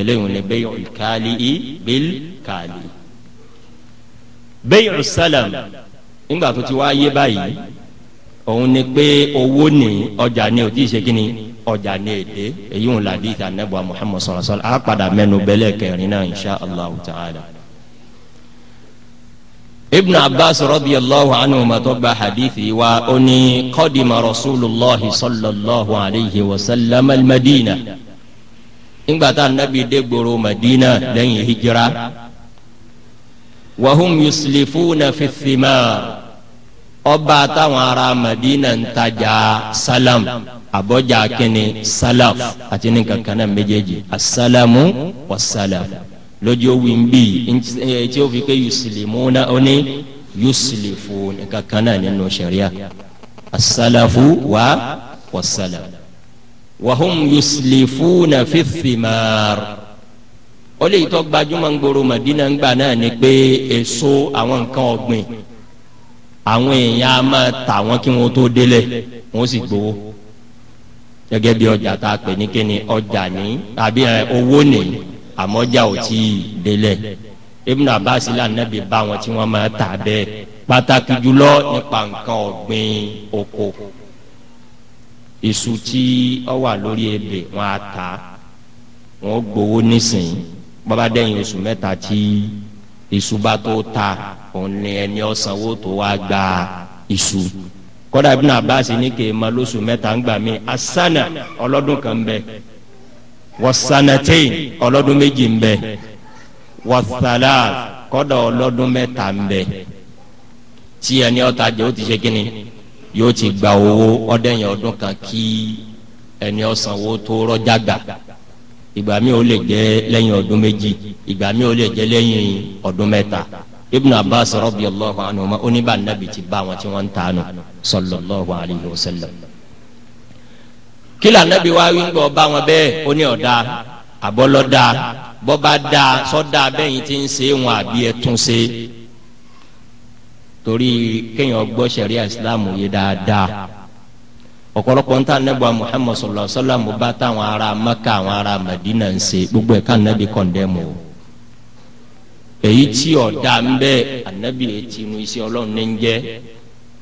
eléyìí wọn lè bẹ́ẹ̀ ìkàlì í bẹ́ẹ̀ kàlì. bẹ́ẹ̀ sálàm nígbà tó ti wá yé báyìí òun ni pé owó ní ọjà ní òtí ṣe kí ni ọjà ní èdè èyí wọn là dìtà nẹ́bùà muhammad sallallahu alaihi wa sallam á padà mẹ́nu bẹ́lẹ̀ kẹrin náà insha allah ta'ala. ابن عباس رضي الله عنهما تبع حديثي وأني قدم رسول الله صلى الله عليه وسلم المدينة ngbàtà nabi dégboro madina lẹ́yìn hijira wahum yuslifuna fi thimar ọba táwọn ará madina ń tajà salam abọ́jà kínní salaf àti ní kankan náà méjèèjì asalamu wa salaf lójú owi ń bì tí ó fi ké yusulimuna ó ní yusulifu kankan náà nínú sariya asalafu wa wa salaf wàhùn yuslifuna fi thimar ó lè tọ́ gbajúmọ̀ ń gbòòrò Madina ń gbà náà ni pé èso àwọn nǹkan ọ̀gbìn àwọn èèyàn á máa tà wọ́n kí wọ́n tó délẹ̀ wọ́n sì gbowó gẹ́gẹ́ bí ọjà tá a pè ní kíni ọjà ní àbí owó ní àmọ́jà ò tí ì délẹ̀ Ibn Abbas lànàbí bá wọn tí wọ́n máa tà bẹ́ẹ̀ pàtàkì jùlọ nípa nǹkan ọ̀gbìn oko. iṣu tí ọ wà lórí ebè wọn a ta wọn gbowó nísìnyí bàbá dẹ́yìn oṣù mẹ́ta tí iṣu bá tó ta òun ni ẹni ọ̀sánwó tó wá gba iṣu kọ́dà Ibn Abbas ní kè é ma lóṣù mẹ́ta ń gbà mí asana ọlọ́dún kan bẹ wasanate ọlọ́dún méjì ń bẹ wasala kọ́dà ọlọ́dún mẹ́ta ń bẹ tí ẹni ọ̀tajà ó ti ṣe kínni. yóò ti gba owó ọdẹyìn ọdún kan kí ẹni ọsànwó tó rọjà gbà ìgbà mi ò lè jẹ lẹ́yìn ọdún méjì ìgbà mi ò lè jẹ lẹ́yìn ọdún mẹ́ta ibn abbas radiyallahu anhuma oníbà nàbì ti bá àwọn tí wọn ń ta nù sallallahu alayhi wa sallam kila nàbì wa wí gbọ bá wọn bẹ́ẹ̀ ó ní ọdá àbọlọdá bọba dá sọdá bẹyìn tí ń ṣe wọn àbí ẹtún ṣe torí kéèyàn gbọ́ sẹ̀ríà islam yé dáadáa ọ̀pọ̀lọpọ̀ ń nẹ́bù muhammed sallallahu alaihi wasallam bá táwọn ará maka àwọn ará madina ń ṣe gbogbo ẹ̀ka nẹ́bí kọ̀ndẹ́mù o èyí tí ọ̀dà ń bẹ́ ànábì etí inú iṣẹ́ ọlọ́run ní ń jẹ́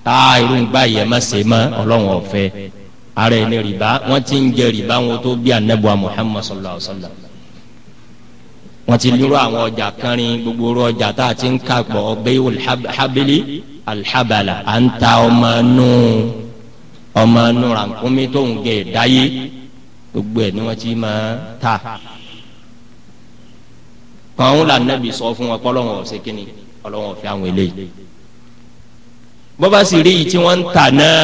tá irú ń gbà yẹ má ṣe mọ́ ọlọ́run ọ̀fẹ́ ara ẹni rìbá wọ́n ti ń jẹ rìbá wọn tó bí ànẹ́bù muhammed sallallahu alaihi wọ́n ti lúrú àwọn ọjà kanrin gbogbo orú ọjà tá a ti ń kàpọ̀ ọgbẹ́ olùhábìlì alhabala à ń ta ọmọ nù ọmọ nù rànkúnmí tó ń gẹ̀ dáyé gbogbo ẹ̀ ni wọ́n ti máa ta kàn la nabi sọ fún wa kọlọ́wọ́n ọ̀sẹ̀ kínní ọlọ́wọ́n àwọn eléyìí bọ́bá sì rí yìí tí wọ́n ń tà náà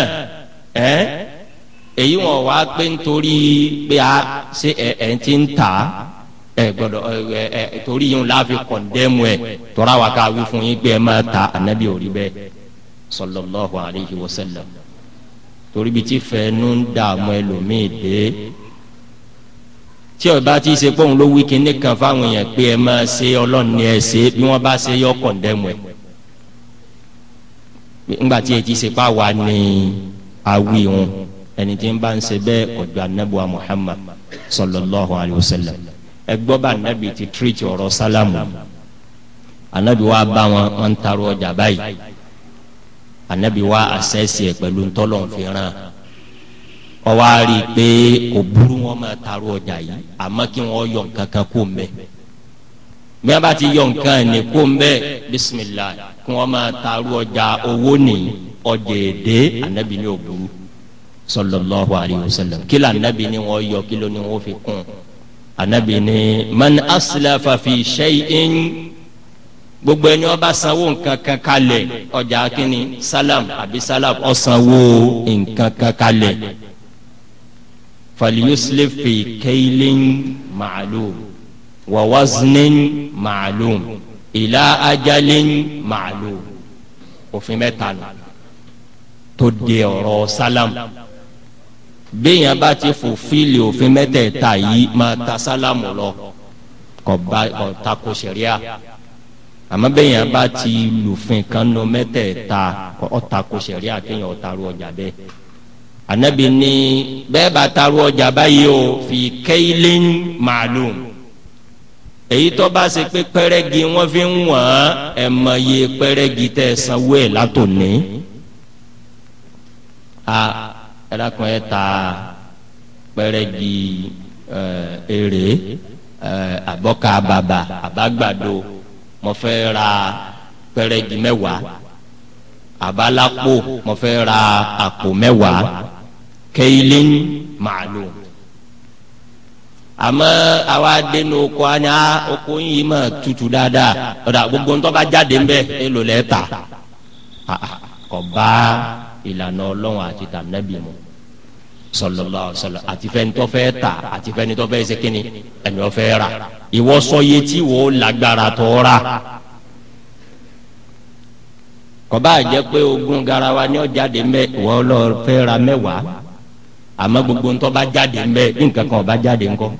èyí wọn wá pé nítorí pé a ṣe ẹ̀ ẹ̀ ti ń tà á ẹ gbọ́dọ̀ ẹ ẹ torí yìí la fi kọndẹmu ẹ tọra wa ká wí fún yín pé ẹ má ta anabi òrí bẹ sallallahu alayhi wa sallam torí bí ti fẹ́ nu ń dààmú ẹlòmíì dé tí ọba ti ṣe pé òun ló wí kíní kan fáwọn yẹn pé ẹ má ṣe ọlọ́ni ẹ ṣe bí wọ́n bá ṣe yọ kọndẹmu ẹ ńgbà tí èyí ti ṣe pa wà ní awi wọn ẹni tí ń bá ń ṣe bẹ́ẹ̀ ọ̀dọ̀ anabuwa muhammad sallallahu alayhi wa sallam ẹgbọ́ bá anabi ti tiriti ọ̀rọ̀ sálámù anabi wa bá wọn wọn ń tarọ ọjà báyìí anabi wa àṣẹ́sì ẹ̀ pẹ̀lú ntọ́lọ́nfìràn ọwọ́ a rí i pé kò burú wọn máa tarọ ọjà yìí àmọ́ kí wọ́n yọ nǹkan kan kó mbẹ́ bí wọ́n bá ti yọ nǹkan ní kó mbẹ́ bisimilah kí wọ́n máa tarọ ọjà owó ní ọjà èdè anabi ní òbúrú sallallahu alayhi wa sallam kí lànàbí ni wọ́n yọ kí ló ní wọ́n fi kún un anabi ni man aslafa fi shay'in gbogbo ẹni ó bá sanwó nǹkan kan kalẹ̀ ọjà kínní salam àbí salam ó sanwó nǹkan kan kalẹ̀ falyuslif fi kaylin ma'lum wa waznin ila ajalin ma'lum òfin mẹ́ta nù tó de ọ̀rọ̀ salam. salam béèyàn bá ti fòfíìlì òfin mẹ́tẹ̀ẹ̀ta yìí máa ta sálámù lọ kò bá kò tako sẹ̀ríà àmọ́ béèyàn bá ti lùfin kan nu mẹ́tẹ̀ẹ̀ta kò tako sẹ̀ríà kéèyàn ó ọjà bẹ́ẹ̀ anabi ni bẹ́ẹ̀ bá taru ọjà báyìí o fi kaylin ma'lum èyí tó bá ṣe pé pẹ́rẹ́gì wọ́n fi ń wọ̀n ẹ̀ mọ̀ iye pẹ́rẹ́gì tẹ̀ sanwó ẹ̀ látòní. a ẹlẹ́kùn ẹ̀ ta pẹrẹgì èrè àbọ́ka bàbà àbágbàdo mo fẹ́ ra pẹrẹgì mẹ́wàá àbálápò mo fẹ́ ra àpò mẹ́wàá kẹ́hìlín màálù àmọ́ àwa dénú oko àná oko yìí mà tutù dáadáa ọ̀dà gbogbo ńtọ́ bá jáde ńbẹ èlò lẹ́ẹ̀ta kọ̀ bá ìlànà ọlọ́run àti tànẹ́bì mu sallallahu alaihi wasallam àti fẹ́ni tó fẹ́ ta àti fẹ́ni tó fẹ́ ṣe kínní ẹni tó fẹ́ ra ìwọ sọ iye tí wò ó lágbára tó ra kọba àjẹ pé ogún garawa ni ó jáde mbẹ ìwọ lọ fẹ́ ra mẹ́wàá àmọ́ gbogbo ntọ́ bá jáde mbẹ nǹkan kan ọba jáde ńkọ́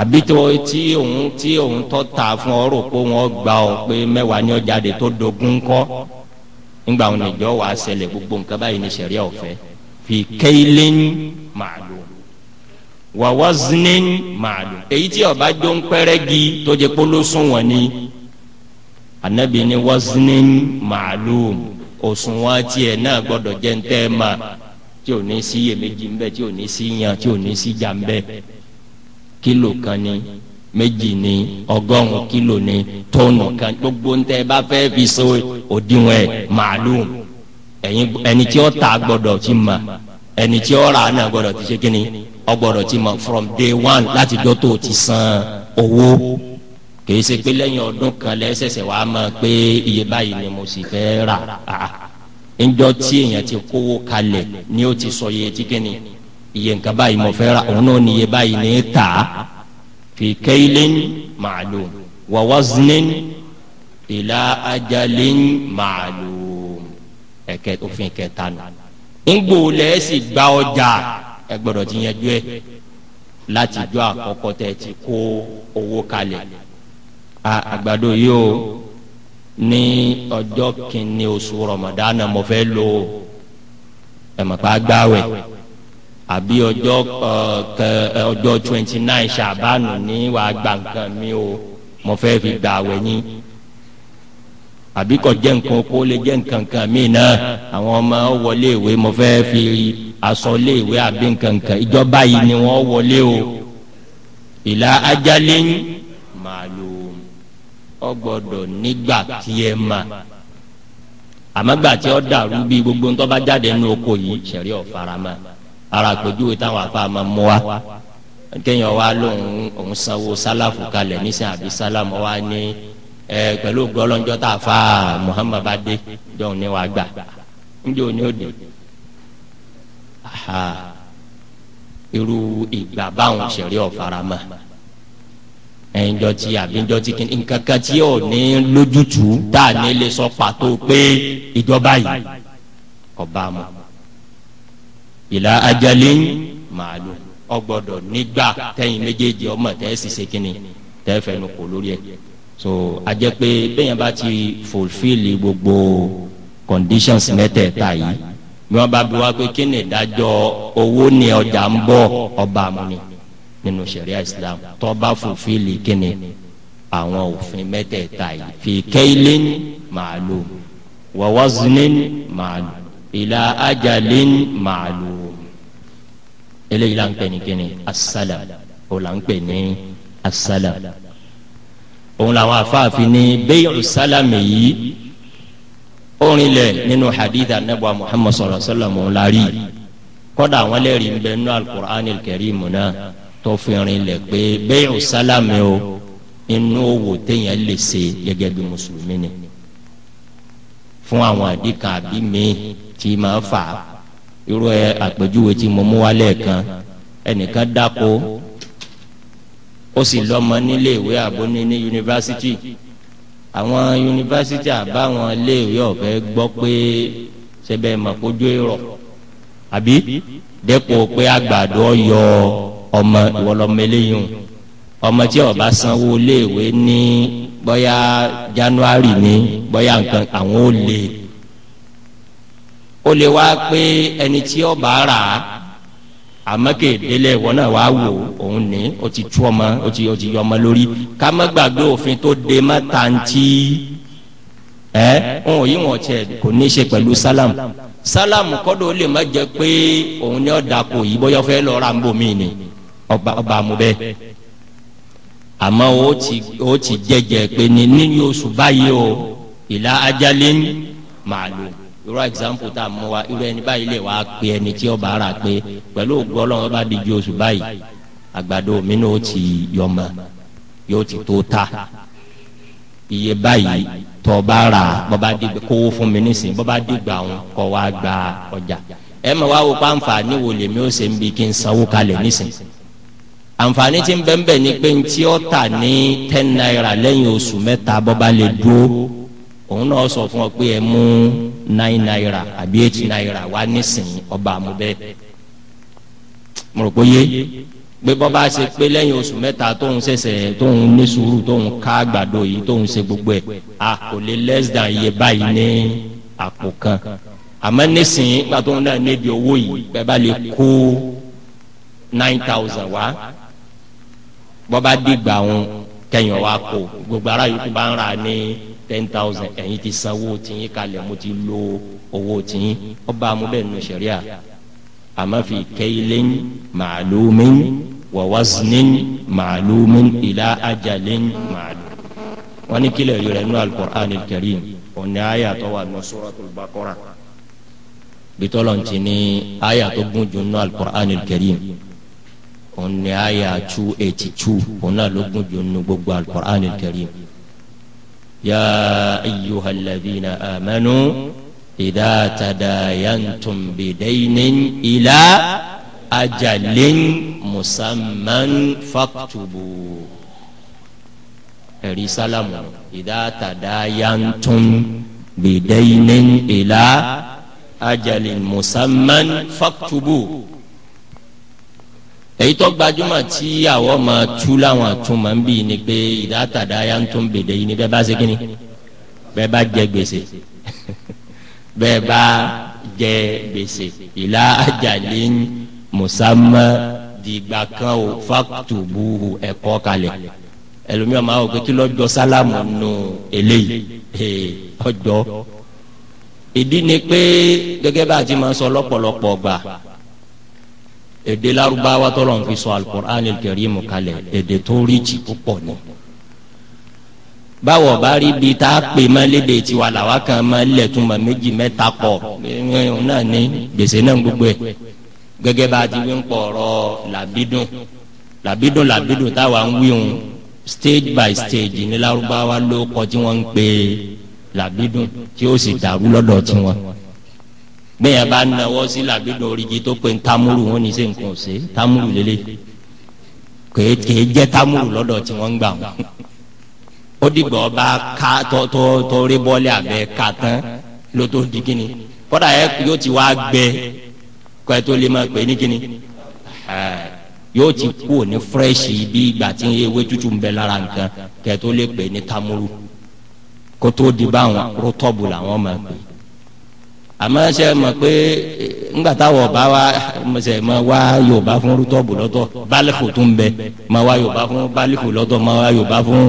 àbí tó tí òun tí òun tọ́ ta fún ọ rò pé wọ́n gbà ọ pé mẹ́wàá ni ó jáde tó dogun ńkọ́ ńgbà òun ìjọ wàá ṣẹlẹ̀ gbogbo nǹkan báyìí ní sẹ̀ríà ọ̀fẹ́ fi kaylin ma'lum wa waznin ma'lum èyí tí ó bá jọ ń pẹrẹgì tó jẹ kóló sunwọ̀n ni anabi ni waznin ma'lum òṣùwọ̀n tiẹ̀ náà gbọ́dọ̀ jẹ́ ń tẹ́ ma tí ò ní sí iyèméjì ń bẹ tí ò ní sí yan tí ò ní sí jà ń bẹ kílò kan ni méjì ni ọgọ́rùn kílò ni tóònù kan gbogbo ń tẹ́ bá fẹ́ fi so òdiwọ̀n ẹ̀ màálùm ẹni tí ó ta gbọ́dọ̀ ti ma ẹni tí ó rà náà gbọ́dọ̀ ti ṣe kíni ó gbọ́dọ̀ ti ma from day one láti jọ tó ti san owó kìí ṣe pé lẹ́yìn ọdún kan lẹ́sẹ̀sẹ̀ wàá mọ̀ pé iye báyìí ni mo sì fẹ́ rà ńjọ́ tí èèyàn ti kówó kalẹ̀ ni ó ti sọ iye tí kíni iye nǹkan báyìí mo fẹ́ rà òun náà ni iye báyìí ni tà á fi kaylin ma'lum wa waznin ila ajalin ma'lum ẹ̀kẹ́ òfin kẹta nù. ńgbò lẹ́sì gba ọjà ẹ gbọ́dọ̀ ti yẹn ju ẹ láti jọ àkọ́kọ́ tẹ́ ti kó owó kalẹ̀. àgbàdo yìí ní ọjọ́ kìíní oṣù rọmọdánà mo fẹ́ lò ẹ̀mọ̀pá gbáwẹ̀ àbí ọjọ́ ọjọ́ twenty nine ṣàbánu ní wàá gbàǹkan mi o mo fẹ́ fi gbàwẹ̀ yín àbí kò jẹ́ nǹkan kó lè jẹ́ nǹkan kan mí náà àwọn ọmọ wọlé ìwé mo fẹ́ fi aṣọ lé ìwé àbí nǹkan kan ìjọba yìí ni wọ́n wọlé o ìlà ajalin ma'lum ó gbọ́dọ̀ nígbà tí ẹ ma àmọ́gbà tí ó dàrú bí gbogbo ńtọ́ bá jáde nínú oko yìí sẹ̀rí ọ̀farama ara àpèjúwe táwọn afa ma mú wa kéèyàn wa lóun òun sanwó sálàfù kalẹ̀ nísìnyí àbí sálàmù wa ní. ẹ pẹ̀lú ògbó ọlọ́njọ́ tá a fa Muhammad adé jọ̀ọ́ ní wàá gbà níjọ́ ni ó dé irú ìgbà báwọn ṣẹ̀rí ọ̀farama ẹnjọ tí àbíjọ tí ti nǹkan kan tí ò ní lójútùú tá a ní lè sọ pàtó pé ìjọba yìí ọba ìlà màálù nígbà méjèèjì ọmọ tẹ ẹ sì ṣe kìíní tẹ ẹ so ajẹ́ pé bẹ́ẹ̀ yẹn bá ti fulfil gbogbo conditions mẹ́tẹ̀ẹ̀ta yìí bí wọ́n bá bí wá pé kí ni ìdájọ́ owó ni ọjà ń bọ̀ ọba àmúni nínú ṣẹ̀ríà Islam tó bá fulfil kí ni àwọn òfin mẹ́tẹ̀ẹ̀ta yìí fi kaylin ma'lum wa waznin ma'lum ila ajalin ma'lum eléyìí la ń pè ní kí ni asálà ó la ń pè ní asálà òun làwọn afáàfin ní bẹ́yọ̀ sálámì yìí orin lẹ̀ nínú hadith anabuwa muhammad sallallahu alaihi wa sallam òun la rí kọ́dà àwọn lẹ́rìí ń bẹ nínú alukur'an kẹrìmù náà tó fi rin lẹ̀ pé bẹ́yọ̀ sálámì o inú owó téèyàn lè ṣe gẹ́gẹ́ bí mùsùlùmí ni fún àwọn àdìkà àbí mi tí máa fà irú ẹ àpèjúwe tí mo mú wálẹ̀ kan ẹnìkan dáko ó sì lọ́mọ nílé ìwé àbóní ní yunifásitì àwọn yunifásitì àbáwọn ilé ìwé ọ̀fẹ́ gbọ́ pé sẹbẹ mọ̀kójú èrò àbí dẹ́pọ̀ pé àgbàdo ọyọ ọmọ ìwọlọmọ eléyìí ọmọ tí ó sanwó ilé ìwé ní bóyá january ní bóyá nǹkan àwọn ò lè ó lè wá pé ẹni tí ó rà á àmọ́kè délé wọn náà wàá wò òun ní o ti tú ọmọ o ti o ti yọ ọmọ lórí ká má gbàgbé òfin tó de má tàǹtí ẹ òun yìí wọn tiẹ kò ní í ṣe pẹ̀lú sálàmù sálàmù kọ́dọ̀ ó lè má jẹ pé òun ní ọ̀dà kò yí bọ́yọ́ fẹ́ lọ́ọ́ ra ń bò mí ni ọba ọba mu bẹ́ẹ̀ àmọ́ o ti o ti jẹjẹ pé ní nínú oṣù báyìí o ìlà ajálẹ̀ màlúù irú example tá a mú wa irú ẹni báyìí lè wá pé ẹni tí ọba ara pé pẹ̀lú ògbọ́ ọlọ́run bá di ju oṣù báyìí àgbàdo mi náà ó ti yọmọ yóò ti tó ta iye báyìí tọ́ ọba ara bọ́ba dìgbà kówó fún mi nísìnyí bọ́ba dìgbà òun kọ́ wa gba ọjà ẹ mọ̀ wá wo pa àǹfààní wo lèmi ó ṣe ń bi kí n sanwó kalẹ̀ nísìnyí àǹfààní tí ń bẹ́ẹ̀ bẹ́ẹ̀ ni pé ntí ó tà ní ten naira lẹ́yìn oṣù mẹ́ta bọ́ba lè dúró òun náà sọ fún ọ pé ẹ mú nine naira àbí eight naira wá nísìnyí ọba àmú bẹ́ẹ̀ mo rò pé yé pé bọ́ bá ṣe pé lẹ́yìn oṣù mẹ́ta tóun ṣẹ̀ṣẹ̀ tóun ní sùúrù tóun ká àgbàdo yìí tóun ṣe gbogbo ẹ̀ a kò lè less than iye báyìí ní àpò kan àmọ́ nísìnyí nígbà tóun náà níbi owó yìí bẹ́ẹ̀ bá lè kó nine thousand wá bọ́ bá dìgbà òun kẹyìn ọ̀ wá gbogbo ara yòókù bá ń rà ní ten thousand ẹ̀yin ti sanwó tìyín kalẹ̀ mo ti lo owó tìyín ọba amúbẹ̀ nù sẹ̀ríà àmọ́ fi kaylin ma'lumin wa waznin ma'lumin ila ajalin ma'lum wọn ní kílẹ̀ rẹ̀ nù al-Qur'an al-Karim ọ̀nà ayàtọ̀ wà nù suratul Baqara bitọlọnti ni aya tó gùn jù nínú alukur'an karim òun ni aya two ló gùn jù nínú gbogbo alukur'an karim يا أيها الذين آمنوا إذا تداينتم بدين إلى أجل مسمى فاكتبوا رسالة إذا تداينتم بدين إلى أجل مسمى فاكتبوا èyí tó gbajúmọ̀ tí àwọn ọmọ tú láwọn àtúmọ̀ ń bì ní pé ìdátàdá ya ń tún bèdè yìí ní bẹ́ẹ̀ bá ṣe kínní bẹ́ẹ̀ bá jẹ gbèsè bẹ́ẹ̀ bá jẹ gbèsè ìlà àjàlẹ̀ mùsàmá dìgbà kan ò fàtúbù ẹ̀kọ́ kalẹ̀ ẹlòmíràn máa wò pé kí lọ́jọ́ sálámù nù eléyìí ọjọ́ ìdí ni pé gẹ́gẹ́ bá a ti máa sọ lọ́pọ̀lọpọ̀ gbà èdè Lárúbáwá tọrọ ń fi sọ alukur'an kẹrìm kalẹ̀ èdè tó rí jì púpọ̀ ni báwo bá rí bi tá a pè má léde tiwa làwa kan má lẹ̀ tún ma méjì mẹ́ta pọ̀ náà ní gbèsè náà gbogbo ẹ̀ gẹ́gẹ́ bá a ti wí ń pọ̀rọ̀ làbídùn làbídùn làbídùn táwa ń wí òun stage by stage ní Lárúbáwá ló kọ tí wọ́n ń pè làbídùn tí ó sì dàrú lọ́dọ̀ tiwọn bẹ́ẹ̀ bá nawọ́ sí làbídọ̀ oríjì tó pe tamuru wọn ní sẹ́ nǹkan ọ̀sẹ̀ tamuru lélẹ̀ kèé kèé jẹ́ tamuru lọ́dọ̀ tí wọ́n ń gbà wọn. ó dìgbà ọba ká tọ́ tọ́ rí bọ́ọ̀lì abẹ́ ká tán ló tó di kíni kọ́dà yẹ yóò ti wá gbẹ kọ́ ẹ tó lè máa pè é ní kíni yóò ti kú òní fúrẹ́ṣì bí ìgbà tí ewé tútù ń bẹ lára nǹkan kẹ́ tó lè pè é ní tamuru kó tó di báwọn rótọ́bù làwọn máa pè é àmọ́ ṣe mọ̀ pé eh, ńgbà táwọn ọba wa ṣe mọ wá yorùbá fún rútọ́ọ̀bù lọ́tọ̀ bálẹ̀kù tó ń bẹ mọ wá yorùbá fún bálẹ̀kù lọ́tọ̀ mọ wá yorùbá fún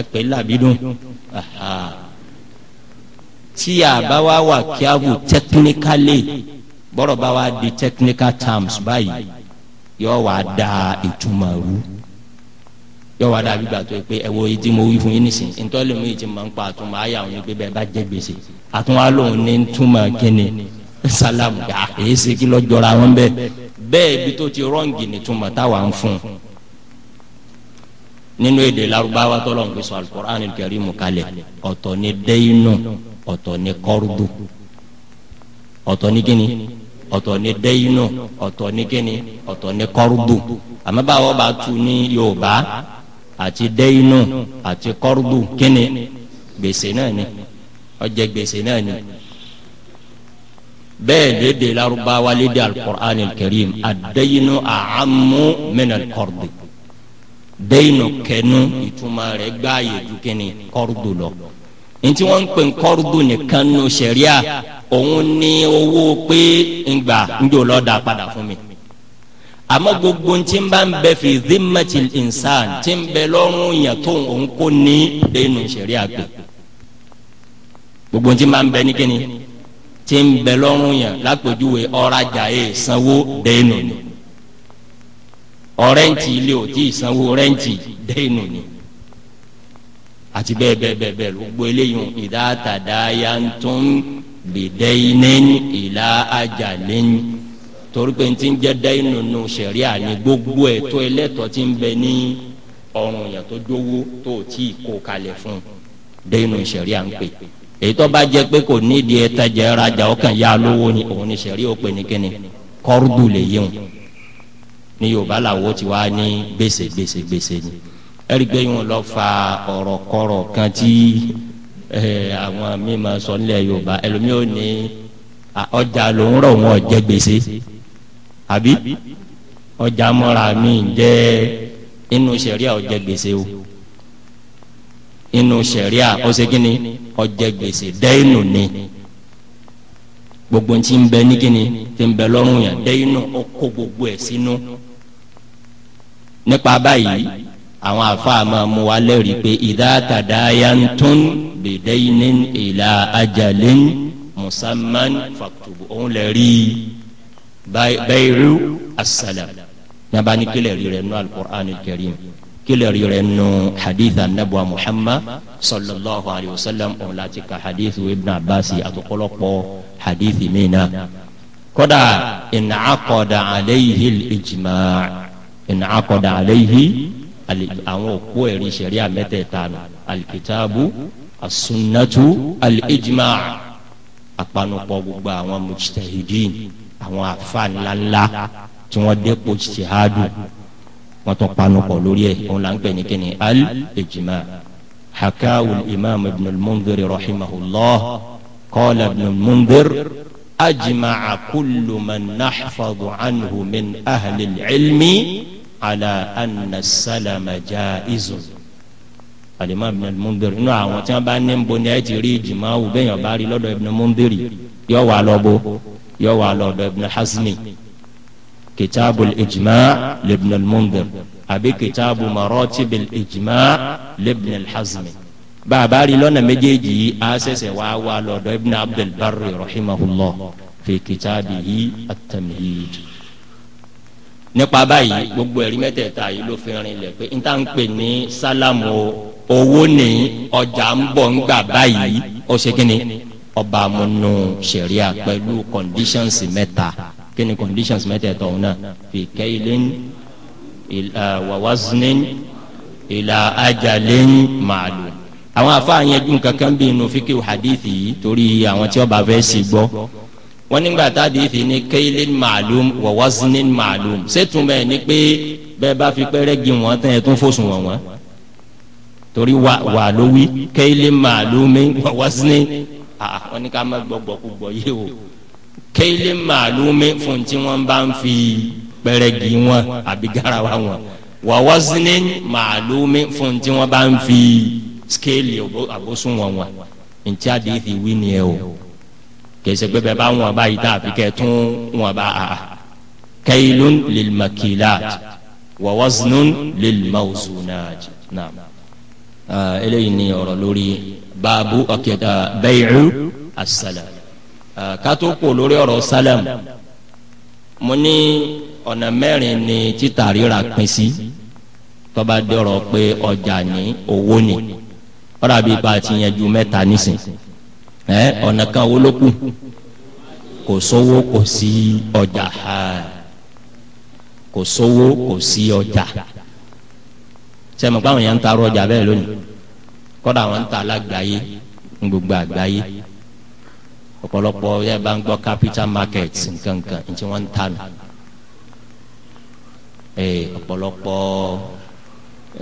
ẹ̀pẹ́ làbídùn tí àbá wa wà kí a wò technically bọ́rọ̀ bá wa di technical terms báyìí yọ wà da ìtumọ̀ rú yọ wà dà bí gbàtọ́ pé ẹ wo ìdí mo wí fún yín nísìnyí ntọ́ mú ìdí mọ̀ ń pa àtúmọ̀ àtúnwá lòun ní túmọ̀ kínní sálámù yá èyí ṣe kí lọ́jọ́ra wọn bẹ́ẹ̀ bẹ́ẹ̀ ibi tó ti rọ́ǹgì ní túmọ̀ táwa ń fún un nínú èdè Lárúbáwá tọ́lọ̀ ń gbèsò alukur'an kẹrìm kalẹ̀ ọ̀tọ̀ ní dẹ́yinú ọ̀tọ̀ ní kọ́rùbù ọ̀tọ̀ ní kíni ọ̀tọ̀ ní dẹ́yinú ọ̀tọ̀ ní kíni ọ̀tọ̀ ní kọ́rùbù àmọ́ bá tu ní Yorùbá àti dẹ́yinú àti kọ́rùbù kíni gbèsè náà ni ọjẹ gbèsè náà ni bẹ́ẹ̀ lédè Lárúbáwá lédè alukur'an kẹrìm àdéyinú àhámú mẹ́nà kọ́rdù déyinú kẹnu ìtumọ̀ rẹ̀ gbáàyè dukini kọ́rdù lọ ntí wọ́n ń pè ń kọ́rdù nìkan nù sẹ̀ríà òun ní owó pé ngbà njò lọ́dà padà fún mi àmọ́ gbogbo ntí n bá ń bẹ fi zimmati insan tí ń bẹ lọ́rùn yàtọ̀ òun kò ní déyinú sẹ̀ríà gbé gbogbo tí máa ń bẹ ní kíni tí ń bẹ lọ́rùn yẹn lápèjúwe ọ̀rajà yẹ sanwó dẹ́nu ni ọ̀rẹ́ǹtì ilé ò tí ì sanwó rẹ́ǹtì dẹ́nu ni àti bẹ́ẹ̀ bẹ́ẹ̀ bẹ́ẹ̀ bẹ́ẹ̀ gbogbo eléyìí ìdáàtàdá ya ń tún bìdẹ́yìnẹ́ni ìlà ajalẹ́ni torí pé ti ń jẹ́ dẹ́yìnù nù sẹ̀ríà ni gbogbo ẹ̀tọ́ ẹlẹ́tọ̀ ti ń bẹ ní ọrùn yẹn tó dówó tó tí ì kó kalẹ̀ fún dẹ́yìnù sẹ̀ríà ń pè é èyí tó bá jẹ pé kò nídìí ẹtajà ẹrajà ọkàn ya lówó ni òun ni sẹ̀rí ó pè ní kíni kọ́rùdù lè yéun ní yorùbá làwọ̀ ti wá ní gbèsè gbèsè gbèsè ni ẹ̀rí pé yóò lọ fa ọ̀rọ̀ kọ̀rọ̀ kan tí àwọn mímọ sọ nílẹ̀ yorùbá ẹlòmíì ò ní ọjà lòún rọ̀ wọn jẹ gbèsè àbí ọjà mọ́ra mi jẹ́ inú sẹ̀ríà ó gbèsè o inú sẹ̀ríà ó ṣe ọjẹ gbèsè dẹ́yìnù ni gbogbo ntí ń bẹ ní kíni tí ń bẹ lọ́rùn yẹn dẹ́yìnù ó kó gbogbo ẹ̀ sínú nípa báyìí àwọn àfáà máa mú wa lẹ́rìí pé idha tadayantum bidaynin ila ajalin musamman faktubu òun lè rí bayru as-salam ní abánikẹ́lẹ̀ rí rẹ̀ nù al-Qur'an al kílẹ̀ rí rẹ̀ nù hadith anabuwa muhammad sallallahu alayhi wa sallam òun láti ka hadith ibn abbas àtòkọ́lọ́pọ̀ hadith miina kódà ìnàkọ̀dà àlẹ́yìí ìjìmá ìnàkọ̀dà àlẹ́yìí àwọn òkú ẹ̀rí sẹ̀ríà mẹ́tẹ̀ẹ̀ta nù alikitaabu asunatu alijima àpanupọ̀ gbogbo àwọn mujtahidin àwọn afa ńláńlá tí wọ́n dépò wọn tún panupọ̀ lórí ẹ̀ òun là ń pè ní kíni al ejima hakawu imam ibn al-mundhir rahimahullah qala ibn al-mundhir ajma'a kullu man nahfadhu anhu min ahli al-ilmi ala anna salama jaizun alima ibn al-mundhir inú àwọn tí wọn bá ní nbọ ní ẹ ti rí ìjìmá bẹ́ẹ̀ yàn bá rí lọ́dọ̀ ibn al yọ wà lọ́bọ yọ wà lọ́dọ̀ ibn hasmi. كتاب الإجماع لابن المنذر، أبي كتاب kìtàbù الإجماع لابن الحزم. al لنا bàbá rí lọ́nà méjèèjì yìí á sẹ̀sẹ̀ wá wá lọ́dọ̀ ibn abdul barri rahimahullah fi kìtàbìhi at-tamhid nípa báyìí gbogbo ẹ̀rí mẹ́tẹ̀ẹ̀ta yìí ló fi rinlẹ̀ pé n ta ń pè ní sálámù owó ní ọjà ń bọ̀ ń gbà báyìí ó ṣe kí ni ọba amúnú ṣẹ̀ríà pẹ̀lú conditions mẹ́ta kí ni conditions mẹ́tẹ̀ẹ̀tọ̀ ọ̀hún náà fi kaylin wa waznin ila ajalin ma'lum àwọn afáà yẹn dùn kankan bí inú fíkì hadithi yìí torí àwọn tí wọn bá fẹ́ sí gbọ́ wọn nígbà tá a di fi ni kaylin ma'lum wa waznin ma'lum ṣètùn ni pé bẹ́ẹ̀ bá fi pẹ́rẹ́gì wọn tán ẹ̀ tún fòsùn wọn wọn torí wà wà lówí kaylin ma'lumin wa waznin àwọn ní ká má gbọ́ kú gbọ́ yé o kéèlé màlúmi fún tí wọn bá ń fi pẹrẹgì wọn àbí garawa wọn wà wazini màlúmi fún tí wọn bá ń fi skéèlì àbòsùn wọn wọn ntí àdéhìí wí ni ẹ o kèsì pé bẹ́ẹ̀ bá wọn bá yìí tá àfi kẹ́ tún wọn bá a kailun lilmakilat wa waznun lilmawzunat naam eléyìí ni ọ̀rọ̀ lórí baabu ọ̀kẹ́ta bẹ́ẹ̀rù asala kátó kò lórí ọ̀rọ̀ sálẹ̀m mo ní ọ̀nà mẹ́rin ni títà ríra pín sí tọ́ba dé ọ̀rọ̀ pé ọjà ní owó ni ọ̀rọ̀ àbí bá a ti yanjú mẹ́ta nísìn ẹ̀ ọ̀nà kan owó ló kù kò sówó kò sí ọjà kò sówó kò sí ọjà sẹ́mi pé yẹn ń ta ọjà bẹ́ẹ̀ lónìí kọ́dà àwọn ń ta alágbàáyé gbogbo àgbáyé ọ̀pọ̀lọpọ̀ yẹ bá ń gbọ́ capital market nkankan ntí wọ́n ń ta nù ee ọ̀pọ̀lọpọ̀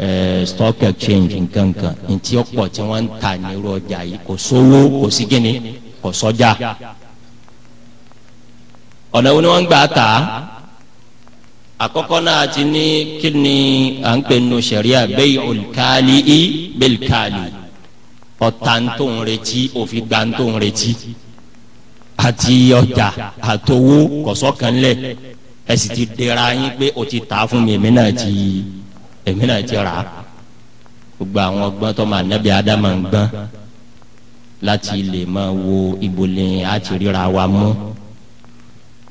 ee stock exchange nkankan ntí ọ̀pọ̀ tí wọ́n ń ta nírú ọjà yìí kò sówó kò sí gíní kò sọ́jà ọ̀nà wo ni wọ́n ń gbà ta àkọ́kọ́ náà ti ní kí ni à ń pè nu sẹ̀ríà bẹ́ẹ̀ olùkàlì í bẹ́ẹ̀ olùkàlì ọ̀tá ń retí òfin gbà ń retí. àti ọjà àtowó kọ̀sọ́kànlẹ̀ ẹ sì ti dira yín o ti fún mi èmi náà ti èmi náà ti rà á gbogbo àwọn ọgbọ́n tó máa nẹ́bí ádámà ń gbọ́n láti lè máa wo àti ríra wa mú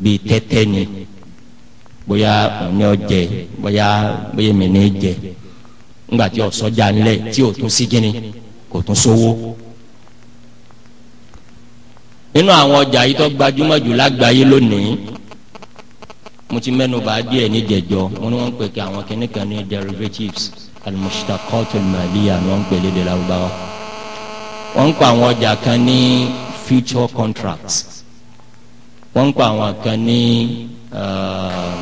bíi tẹ́tẹ́ ni bóyá òní ọjẹ bóyá bóyá èmi ní jẹ ńgbà nínú àwọn ọjà yìí tó gbajúmọ̀ jù lágbàáyé lónìí mo ti mẹ́nu bá díẹ̀ ní jẹjọ mo ní wọ́n ń pè kí àwọn kìnnì kan ní derivatives alimusitakotul maliya ni wọ́n ń pè lédè lárúbáwá wọ́n ń pa àwọn ọjà kan ní future contracts wọ́n ń pa àwọn kan ní uh,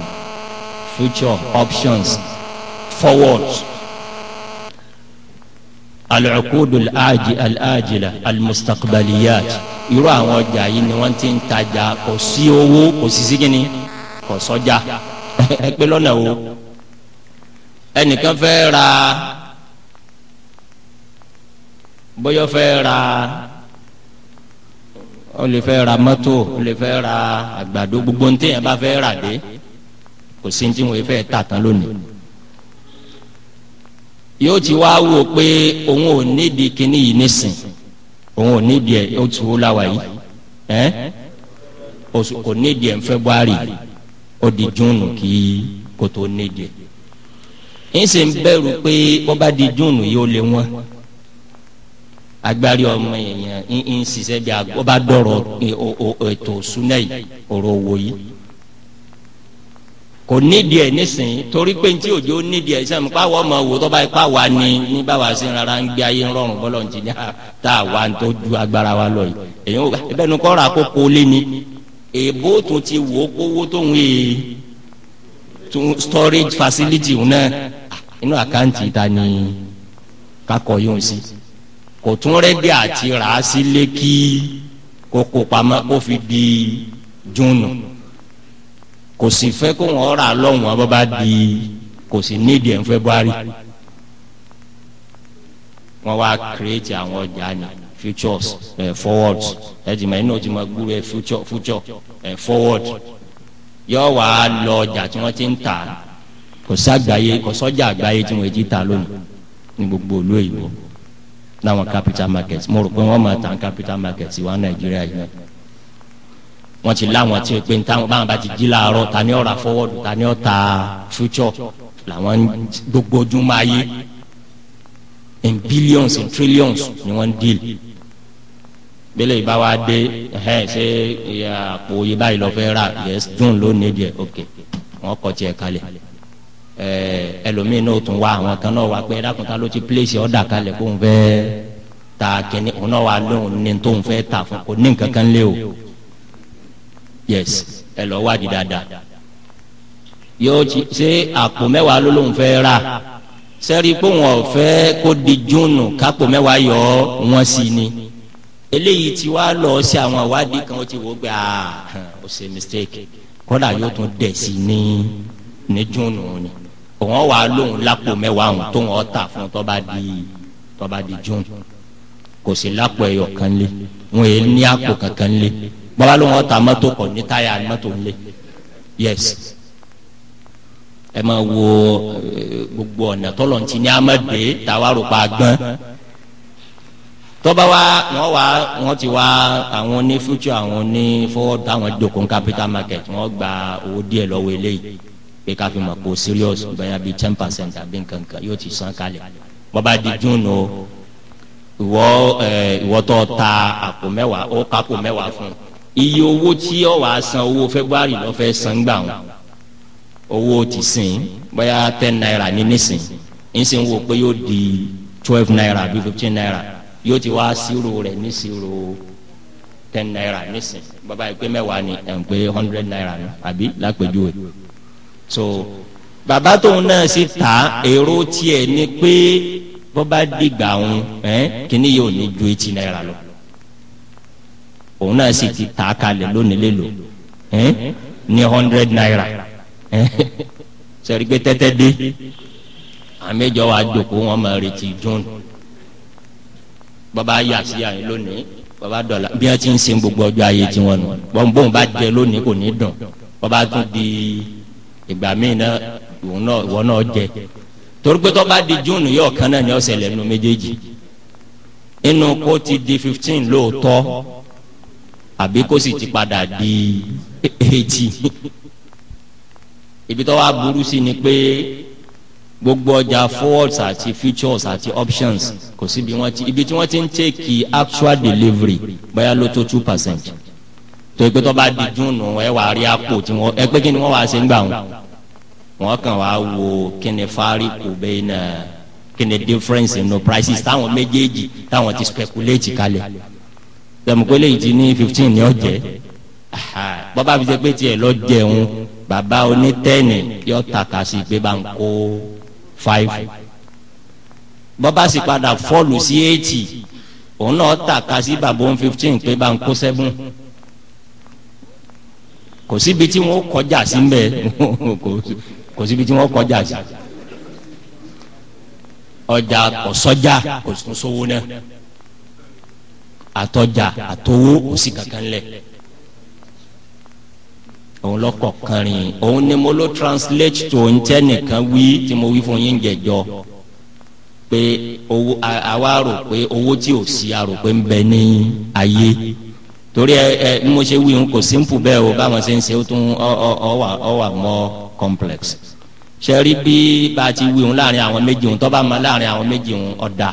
future options forward al-uqudul ajila al-mustakbaliyat. Al irú àwọn ọjà yìí ni wọ́n ti ń tajà kò sí owó kò sí sí kíni kò sọ́jà ẹ pé lọ́nà o ẹnìkan fẹ́ ra bóyá fẹ́ ra ó lè fẹ́ ra mọ́tò ó lè fẹ́ ra àgbàdo gbogbo ní téèyàn bá fẹ́ rà dé kò sí tí wọ́n fẹ́ tà tán lónìí yóò ti wá wò pé òun ò nídìí kíní yìí nísìnyí òun ò ní díẹ̀ ó ti wó láwa yìí ẹ ní ó di june kí kò ní díẹ̀ ń ń bẹ̀rù pé wọ́n di june yìí ó lé wọn agbárí ọmọ ń bí wọ́n bá dọ̀rọ̀ ètò yìí kò nídìí ẹ nísìnyí torí pé ntí òjò nídìí ẹ sẹ́mi pàwọ́ ọmọ wò tó bá ipá ni ní báwa sí rárá ń gbé ayé ńlọrùn bọ́lọ̀ ntí ní tá a wà tó ju agbára wa lọ yìí èyí ò bẹ́ẹ̀ ni kọ́ra kókó lé ni èbó tó ti wò ó kówó tó ń wé tó storage facility náà ah, inú àkáǹtì ta ni kakọ yóò sí kò tún rẹ́dí àti rà á sí lé kí kókó pamọ́ kó fi di júnù kò sì fẹ́ kó wọn rà lọ́hùn wọn bá di kò sì nídìí ẹ̀ ń fẹ́ buhari wọn wá kírètì àwọn ọjà ni futures ẹ eh, forward ẹ ti mọ inú ti mọ gbúrú ẹ future future ẹ eh, forward yọ wá lọ ọjà tí wọn ti ń tà kò sàgbáyé kò sọjà àgbáyé tí wọn ti tà lónìí ní gbogbo olú èyí wọn láwọn capital market mo rò pé wọn máa tà capital market wa nàìjíríà yìí náà wọ́n ti láwọn tí pé táwọn báwọn bá ti jí láàárọ̀ ta ni ọ̀rà fọwọ́dù ta ni làwọn gbogbo ojú máa yé in billions in trillions ni wọ́n ń deal ìbá wa dé ẹ̀ ṣe àpò yìí báyìí lọ́ọ́ fẹ́ rà yes june ló ní díẹ̀ ok wọ́n kọ́ tiẹ̀ kalẹ̀ ẹlòmíín náà tún wá àwọn kan náà wá pé ẹ̀dákùntà ló ti pílẹ̀sì ọ̀dà kalẹ̀ kó ń fẹ́ ta kẹ́ni òun náà wá lóhùn ní tóun fẹ́ ta fún kò ní nǹkan kan lé o yes ẹ lọ wádìí dáadáa yóò ti ṣe àpò mẹ́wàá ló lóun fẹ́ rà sẹ́rí pé wọn ò fẹ́ kó di júnù kápò mẹ́wàá yọ wọn sí ni eléyìí ti wá lọ sí àwọn ìwádìí kan ó ti wò ó pé ah ó ṣe mistake kọ́dà yóò tún dẹ̀ sí ní ní júnù ni òun wà lóun lápò mẹ́wàá òun tó wọn tà fún tọ́ba di tọ́ba di júnù kò sí lápò ẹ̀yọ̀ kan lé wọn èé ní àpò kankan lé bàbá ló wọn ta mọ́tò kọ̀ ní táyà mọ́tò ńlẹ̀ yes ẹ máa wo eh, gbogbo ọ̀nà tọ́lọ̀ ntí ní amẹ́dẹ́ tàwárò pa gbọ́n tọ́ba wa wọ́n wa wọ́n ti wa àwọn ní future àwọn ní forward àwọn jòkó ní capital market wọ́n gba owó díẹ̀ lọ́wọ́ eléyìí pé ká fi mọ̀ kó serious bẹ́ẹ̀ bí ten percent àbí nǹkan kan yóò ti san kalẹ̀ bọ́ba di june o ìwọ ẹ eh, ìwọ ta àpò mẹ́wàá ó kápò mẹ́wàá fún un iye owó tí ọ wàá san owó february lọ fẹ́ san gbà wọn owó ti sìn bóyá ten naira ní nísìn nísìn wo pé yóò di twelve naira bí fifteen naira yóò ti wá ṣírò rẹ̀ ní ṣírò ten naira nísìn bàbá yìí pé mẹ́wàá ni ẹ̀ ń pé hundred naira ni àbí lápèjúwe so bàbá tóun náà sì ta èrò tiẹ̀ ni pé bọ́ba dìgbà òun ẹ̀ kíní yóò ní ju eighty naira lọ òun náà sì ti tà á kalẹ̀ lónìí lélo ní hundred naira sẹ́rí pé tẹ́tẹ́ dé àmẹ́jọ wa jòkó wọn máa retí june bàbá yà sí àyè lónìí bàbá dọ̀là bí wọ́n ti ń sin gbogbo ọjọ́ ayé tiwọn nù bọ́nbọ́n bá jẹ lónìí kò ní dùn bàbá tún di ìgbà míì náà ìwọ náà jẹ torí bá di june yóò kan náà ní ọ̀sẹ̀ méjèèjì inú kó ti di fifteen lóòótọ́ àbí kó sì ti padà di eighty ibi tó wá burú sí ni pé gbogbo ọjà forwards àti futures àti options kò síbi wọn ti ibi tí wọn ti ń tẹ̀kì actual delivery bóyá ló tó two percent tó ìpè tó bá di júùnù ẹ wà á rí àpò tí wọn ẹ pé kí ni wọn wà á ṣe ń gbà wọn wọn kàn wá wo kí ni fárí kò bẹ́ẹ̀ náà kí ni difference in no prices táwọn méjèèjì táwọn ti speculate kalẹ̀ sọmọkò lè jí ní fifteen ní ọjẹ bọ́bá fi ṣe pé tiẹ̀ lọ jẹun bàbá oní tẹ́ẹ̀nì yọ tàkà sí pé bá ń kó five bọ́bá sì padà fọ́ọ̀lù sí eighty òun náà tàkà sí bàbá fifteen pé bá ń kó seven kò síbi tí wọ́n kọjá sí ń bẹ kò síbi tí wọ́n kọjá sí ọjà kò sọ́jà kò sówó náà àtọjà àtowó òsì kankan lẹ òun lọkọ kẹrin òun ni mo ló translate tó ń tẹ nìkan wí tí mo wí fún yín jẹjọ pé owó àwa rò pé owó tí ò sí a rò pé ń bẹ ní ayé torí ẹ ẹ mo ṣe wí n kò simple bẹ́ẹ̀ o báwọn ṣe ń ṣe ó tún ọ ọ ọ wà ọ wà more complex ṣe rí bí bá a ti wí òun láàrin àwọn méjì òun tó bá ma láàrin àwọn méjì òun ọ̀dà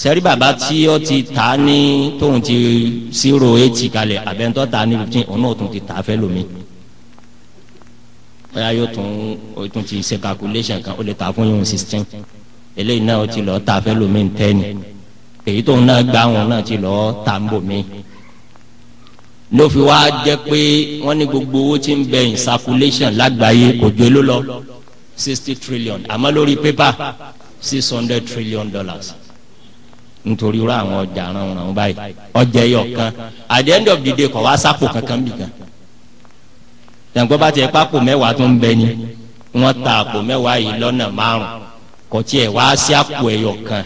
sẹ́rí bàbá tí ó ti ta ní tóun ti zero eight kalẹ̀ àbẹ̀ntọ́ ta ní fifteen òun náà tún ti ta fẹ́ lómi bóyá yóò tún o tún ti ṣe calculation kan o lè ta fún yóò sixteen eléyìí náà o ti lọ ta fẹ́ lómi ten èyí tóun náà gbá wọn náà ti lọ ta ń bò mí ló fi wá jẹ́ pé wọ́n ní gbogbo owó tí ń bẹ in circulation lágbàáyé kò ju èló lọ sixty trillion àmọ́ lórí paper six hundred trillion dollars nítorí irú àwọn ọjà ránran wọn báyìí ọjà ẹyọ kan at the end of the day kọ̀ wá sápò kankan bìkan tẹ̀gbọ́n bá tiẹ̀ pápò mẹ́wàá tó ń bẹ ni wọ́n ta àpò mẹ́wàá yìí lọ́nà márùn kò tiẹ̀ wá sí àpò ẹyọ kan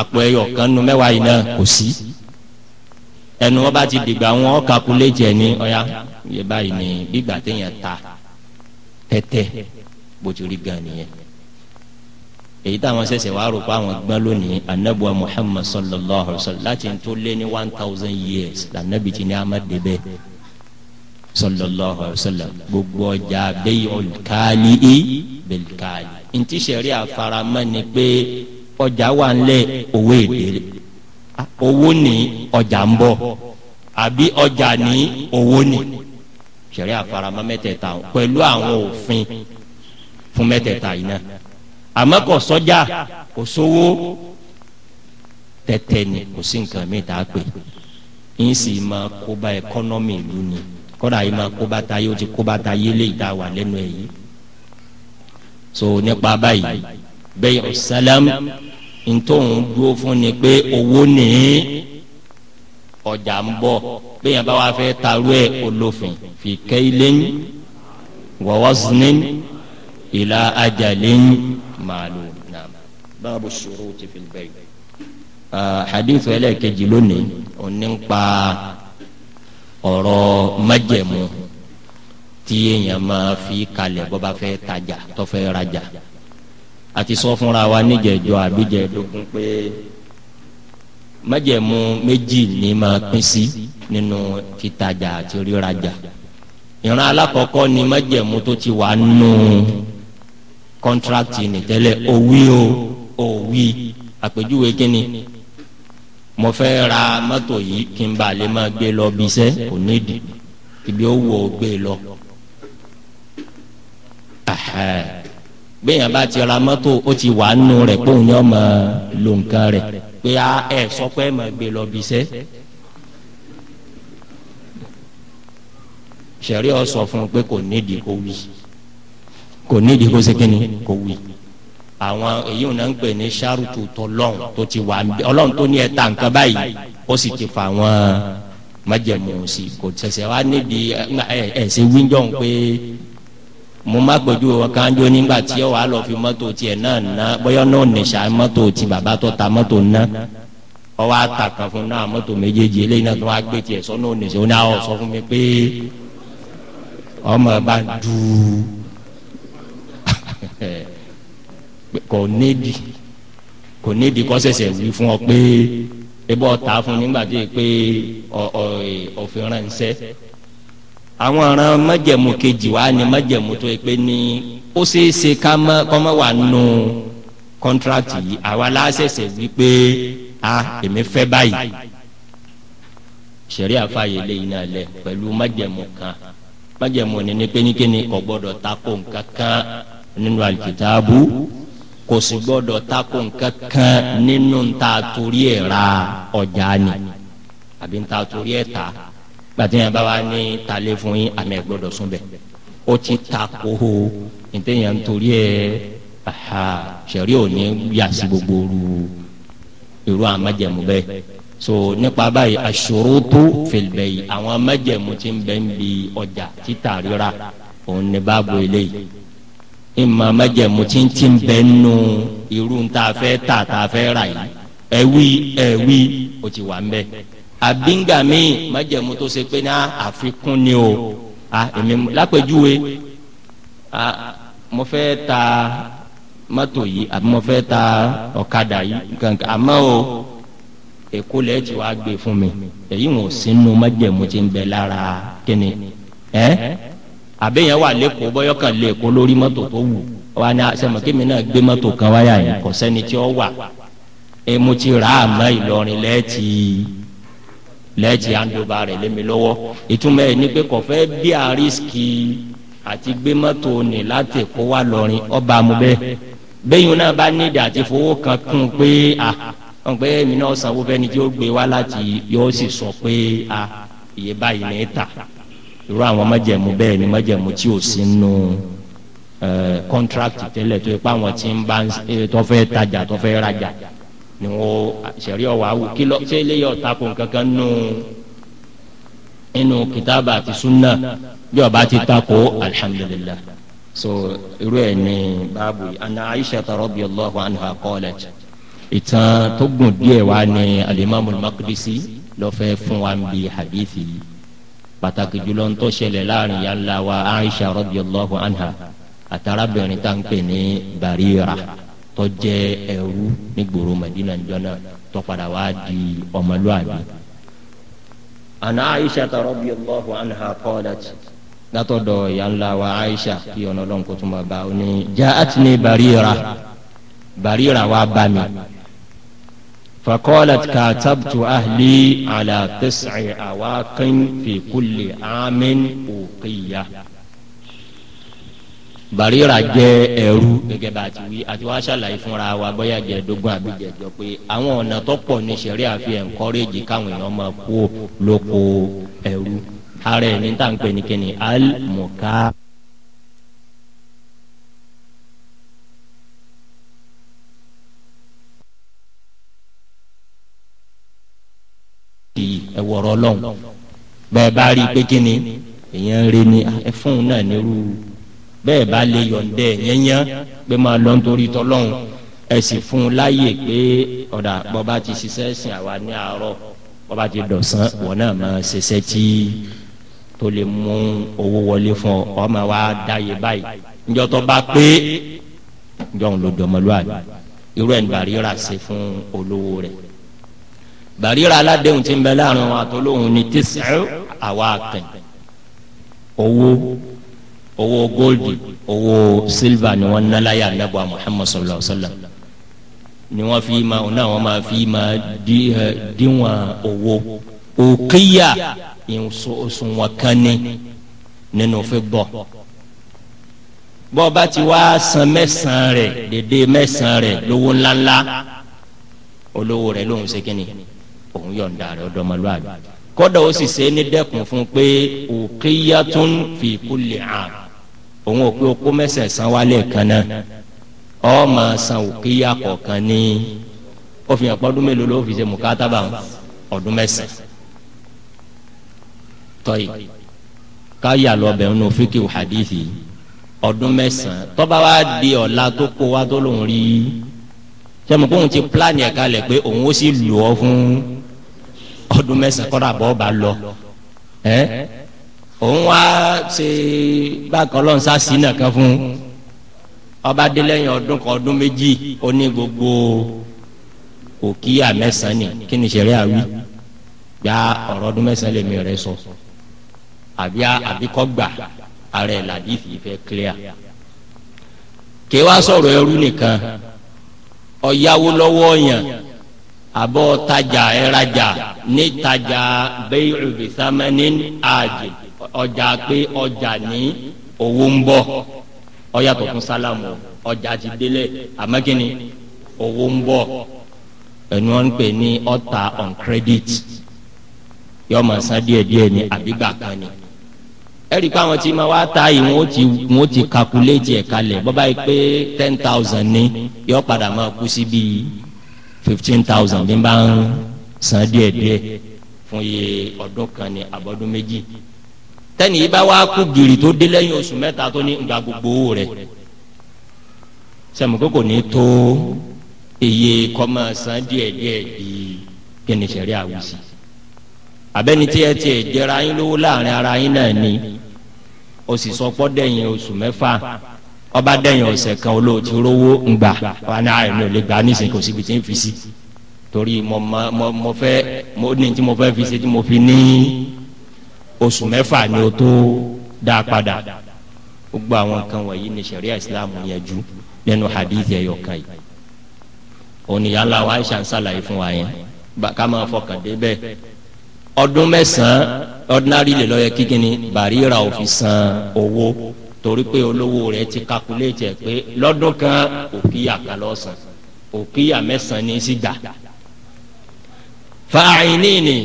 àpò ẹyọ kan nu mẹ́wàá yìí náà kò sí ẹnu wọn bá ti dìgbà wọn kakuléètì ẹ ní yẹ báyìí ní gbígbà téèyàn ta tẹ́tẹ́ bó rí gan nìyẹn èyí táwọn ṣẹ̀ṣẹ̀ wàá rò pé àwọn gbọ́n lónìí anabuwa muhammad sallallahu alayhi wa sallam láti tó lé ní one thousand years lànàbì tí ní amadu bẹ́ẹ̀ sallallahu alayhi wa sallam gbogbo ọjà bẹ́ẹ̀ olùkàlì í bẹ̀lùkàlì ntí sẹ̀rí àfaramọ́ ni pé ọjà wà ńlẹ̀ owó èdè owó ní ọjà ń bọ̀ àbí ọjà ní owó ní sẹ̀rí àfaramọ́ mẹ́tẹ̀ẹ̀ta pẹ̀lú àwọn òfin fún mẹ́tẹ̀ẹ̀ta yìí náà. àmọ́ kò sọ́jà kò sówó tẹ́tẹ́ ni kò sí nǹkan mi tá a pè sì máa kóbá ni máa kóbá ta ó ti kóbá ta yìí lè wà lẹ́nu ẹ̀ yìí so nípa báyìí bẹ́ẹ̀ ọ̀sálàm ntòun dúró fún ni pé owó ní ọjà ń bọ̀ bẹ́ẹ̀ yẹn bá wà ẹ̀ olófin fi kẹ́ ilé ń wọ́wọ́ Ila ajalin màlúù náà báàbù shuruti fil bay. hadith ẹlẹ́ẹ̀kejì lónìí òní ń pa ọ̀rọ̀ májẹ̀mú tí èèyàn máa fi kalẹ̀ bó bá fẹ́ tajà tó fẹ́ rajà àti sọ fúnra wa níjẹ̀jọ́ àbíjẹ̀dógún pé májẹ̀mú méjì ni máa pín sí nínú títajà àti rírajà ìran alákọ̀ọ́kọ́ ni májẹ̀mú tó ti wà nù. No contract ni tẹ́lẹ̀ òwí o òwí àpèjúwe kínni mo fẹ́ ra mọ́tò yìí kí n bá lè máa gbé lọ bí iṣẹ́ kò nídìí ibi ó wọ gbé lọ. gbẹ̀yìn bá ti ra mọ́tò ó ti wà nù rẹ̀ pé òun yóò máa lo nǹkan rẹ̀ pé a ẹ̀ sọ pé máa gbé lọ bí iṣẹ́. sẹ̀rí ọ sọ fún un pé kò nídìí kó wí kò nídìí kó sekeni kò wí àwọn èyí wọn ń pè ní sárutu tọlọ́n tó ti wà ọlọ́run tó ní ẹ̀ta nǹkan báyìí ó sì ti fa àwọn májẹ̀mú sí kò ṣẹ̀ṣẹ̀ wá nídìí ẹ̀ ẹ̀ ṣe wíńjọ́ ń pé mo má gbójú wọn kan jó nígbà tí ọ wà lọ fi mọ́tò tiẹ̀ náà ná bọ́yọ́ náà nìṣà mọ́tò ti bàbá tó ta mọ́tò ná ọ wá ta kan fún náà mọ́tò méjèèjì eléyìí náà tó wá gbé tiẹ̀ sọ́nà ònìṣẹ́ ó ní àwọn sọ fún mi pé ọmọ bá dùú kò nídìí kò nídìí kọ́ sẹ̀sẹ̀ wí fún ọ pé ebó ọ̀tá fún nígbà tí ì pé òfin ránṣẹ́ àwọn ọ̀ràn májẹ̀mú kejì wa ni májẹ̀mú tó yẹ pé ní ó ṣeé ṣe ká mọ́ wà nù kọ́ńtrákì yìí àwa láṣẹ̀ṣẹ̀ wí pé a èmi fẹ́ báyìí sẹ̀rí àfààyè lẹ́yìn náà lẹ̀ pẹ̀lú májẹ̀mú kan májẹ̀mú ni ní pé ní kíni kò gbọ́dọ̀ ta nǹkan kan nínú alikitaabu kò sì gbọdọ̀ tako nǹkan kan nínú ta torí ẹ̀ ra ọjà ni àbí ta torí ẹ̀ ta gbàtí yẹn bá wà ní talé fún yín àmì ẹ̀ gbọdọ̀ sún bẹ̀ ó ti tako o ìtẹ̀yẹ̀ nítorí ẹ̀ sẹ̀rí ò ní yà sí irú àmọ́jẹ̀mú bẹ́ẹ̀ so nípa báyìí aṣurutu fil bay'i àwọn àmọ́jẹ̀mú ti ń bẹ́ẹ̀ ń bi ọjà títà rírà òun ni báàbò eléyìí ìmọ̀ mẹ́jẹ̀mú tí ń tí ń bẹ́ nù irú ń ta fẹ́ tà ta fẹ́ rà yìí ẹ̀wí ẹ̀wí o ti wà ń bẹ́ àbíngà míì mẹ́jẹ̀mú tó ṣe pé ní àfikún ni o èmi lápẹjúwe mo fẹ́ ta mọ́tò yìí àbí mo fẹ́ ta ọ̀kadà yìí kankan àmọ́ o èkó lẹ́ẹ̀ tí wàá gbé fún mi èyí wọn ò sínú mẹ́jẹ̀mú tí ń bẹ lára kíni ẹ́. Eh? àbẹ̀yẹn wà lẹ́kọ̀ọ́ bọ́yọ̀ kan lẹ́kọ̀ọ́ lórí mọ́tò tó wù wà ní sẹ́mọ̀kémi ah, náà gbé mọ́tò kan wáyà yìí kò sẹ́ni tí ó wà emu ti rà á mọ́ Ìlọrin lẹ́ẹ̀tì lẹ́ẹ̀tì àǹdọ̀bà rẹ̀ lémi lọ́wọ́ ìtumọ̀ ẹ̀ ní pé kò fẹ́ bí a rísíkì àti gbé mọ́tò ní láti kó wá lọ́rin ọba mu bẹ́ẹ̀ bẹ́yìn náà bá nídìí àti fowó kan kún pé a ah, wọn pé èmi náà sanwó fẹ́ni tí ó gbé wá láti yóò sì sọ pé a ah, iye báyìí ní ta irú àwọn májẹ̀mú bẹ́ẹ̀ ni májẹ̀mú tí ò sí nù kọ́ntrákì tẹ́lẹ̀ tó yẹ pé àwọn tí ń bá tọ́fẹ́ tajà tọ́fẹ́ rajà ni wọ́n sẹ̀rí ọ̀wá wù kí lọ ṣé eléyìí ọ̀tá kò kankan nù inú kìtàbà àti sunna bí ọba ti takò alhamdulillah so irú ẹ̀ ní báàbù yìí ana aisha radiyallahu anha qalat ìtàn tó gùn díẹ̀ wá ní alimami makidisi lọ́fẹ́ fún wa ń bi hadithi yìí pàtàkì jùlọ ntọ́ ṣẹlẹ̀ láàrin ya ńlá wa aisha radiyallahu anha àtàràbìnrin tá n pè ní barira tó jẹ́ ẹrú ní gbòòrò madina njọ́nà tó padà wá di ọmọlúwàbí. ana aisha ta radiyallahu anha qalat látọ̀dọ̀ ya ńlá wa aisha kí ọ̀nà ọlọ́run kò tún bá a ní barira barira wa bá mi. فقالت كاتبت أهلي على تسع أواق في كل عام أوقية Barira jẹ ẹrú gẹ́gẹ́ bá ti wí àti wá ṣàlàyé fúnra wa bóyá jẹ dógún àbí jẹjọ pé àwọn ọ̀nà tó pọ̀ ní sẹ̀rí àfi ẹ̀ńkọ́rẹ́jì káwọn èèyàn máa kú lóko ẹrú ara ẹ̀ ní tàǹpẹ̀ ní kíni al-mukah. di ẹwọrọ Ọlọ́run bẹ́ẹ̀ bá rí i pé kí ni èèyàn rí ni ẹfún náà nírú bẹ́ẹ̀ bá lè yọ̀ǹdẹ yẹnyẹn pé máa lọ nítorí tọlọ́run ẹ sì fún un láàyè pé ọ̀dà bọ́ba ti ṣiṣẹ́ sìn àwa ní àárọ̀ bọ́ba ti dọ̀sán wọn náà máa ṣiṣẹ́ tí tó lè mú owó wọlé fún ọ ọmọ wa dáyé báyìí njọ́ bá pé njọ́ ń lo dọ̀mọ́lúwàbí irú ẹ̀ ń bàrí rà ṣe fún olówó rẹ̀ bàríra aládéhùn ti ń bẹ láàrin wọn àtọlóhùn ní tẹsán àwa kàn owó owó góòlì owó sílvà ni wọn ná láyà nàbọ Muhammad sallallahu alaihi wa sallam ni wọn fi ma ọ náà wọn máa fi ma díwọn owó òkèyà ìsùnwọn kan ní nínú fi bọ bọ́ọ̀bá ti wá san mẹ́sàn-án rẹ̀ dédé mẹ́sàn-án rẹ̀ lówó ńláńlá olówó rẹ̀ lóhùn ṣe kínní òun yọ̀ǹda rẹ̀ ọ̀dọ́mọlúwàbí kọ́dà ó sì ṣe é ní dẹ́kun fún pé uqiyatun fi kulli am òun ò pé okó mẹ́sẹ̀ san wálé kan náà ọ máa san uqiya kọ̀ọ̀kan ní ó fi hàn pọ́ ọdún mélòó ló fi ṣe mùkátàbà ọdún mẹ́sẹ̀ tọ́yì káyà lọ́bẹ̀ nínú fíkìw hadithi ọdún mẹ́sàn-án tọ́ba wa di ọ̀la tó kó wa tó lòun rí sẹ́mu kóun ti pílánì ẹ̀ka lẹ̀ pé òun ó sì lù ọ́ fún ọdún mẹ́sàn-án kọ́ra bọ́ bá lọ ẹ́ òun wá ṣe bákan lọ́n sá sí nàkan fún ọba délẹ́yìn ọdún kan ọdún méjì ó ní gbogbo òkìyà mẹ́sàn-án ni kí ni ṣẹ̀rí àwí gba ọ̀rọ̀ ọdún mẹ́sàn lèmi rẹ̀ sọ àbí àbíkọ́ gbà ara ẹ̀ làbí ìfẹ́ clear kí wàá sọ̀rọ̀ ẹrú nìkan ọ̀yáwó lọ́wọ́ yàn àbọ̀ tajà ẹ̀rajà ní tajà bẹ́ẹ̀rù bìsámẹ́ni àjì ọjà pé ọjà ní owó ń bọ̀ ọyàtọ̀ fún sálámù ọjà ti délẹ̀ àmọ́kínni owó ń bọ̀ ẹnu wọn pè ní ọta on credit yọ ọmọ san díẹ̀ díẹ̀ ní àbígbà kan ni ẹ̀rí pé àwọn tí ma wá ta yìí wọ́n ti wọ́n ti calculate ẹ̀ kalẹ̀ bọ́bá yìí pé ten thousand ni yọ padà máa kú sí bíi fifteen thousand bí n bá ń san díẹ̀ díẹ̀ fún iye ọdún kan ní abọ́dún méjì tẹ́ni yìí bá wá kú gìrì tó dé lẹ́yìn oṣù mẹ́ta tó ní gba gbogbo owó rẹ̀ sẹ́mi kókò ní tó iye kọ́mọ san díẹ̀ díẹ̀ di kíni sẹ̀rí àwùsí abẹ́ni tí ẹ tiẹ̀ jẹra yín lówó láàrin ara yín náà ni o sì sọ pọ́ dẹ́yìn oṣù mẹ́fà ọba dẹ́yìn ọ̀sẹ̀ kan olóòtú rówó ngbà wà ní àyè ah, mi ò lè gbà nísìnyí kò síbi tí ń fi sí torí mo mo mo fẹ́ mo ní tí mo fẹ́ fi ṣe tí mo fi ní oṣù mẹ́fà ni o tó dá padà gbogbo àwọn kan wọ̀nyí ni ṣẹ̀ríà ìsìlámù yẹn jù lẹ́nu hadith ẹ̀yọ̀ kan yìí oníyàlá wa aisha ń fún wa yẹn ká máa fọkàn dé ọdún mẹ́sàn-án ordinary lè lọ́yẹ kíkíni bàríra òfin san owó torí pé olówó rẹ̀ ti kakuléètì ẹ̀ pé lọ́dún kan òkìyà kan lọ́sàn òkìyà mẹ́sàn-án ní sígbà. fàáyínì ni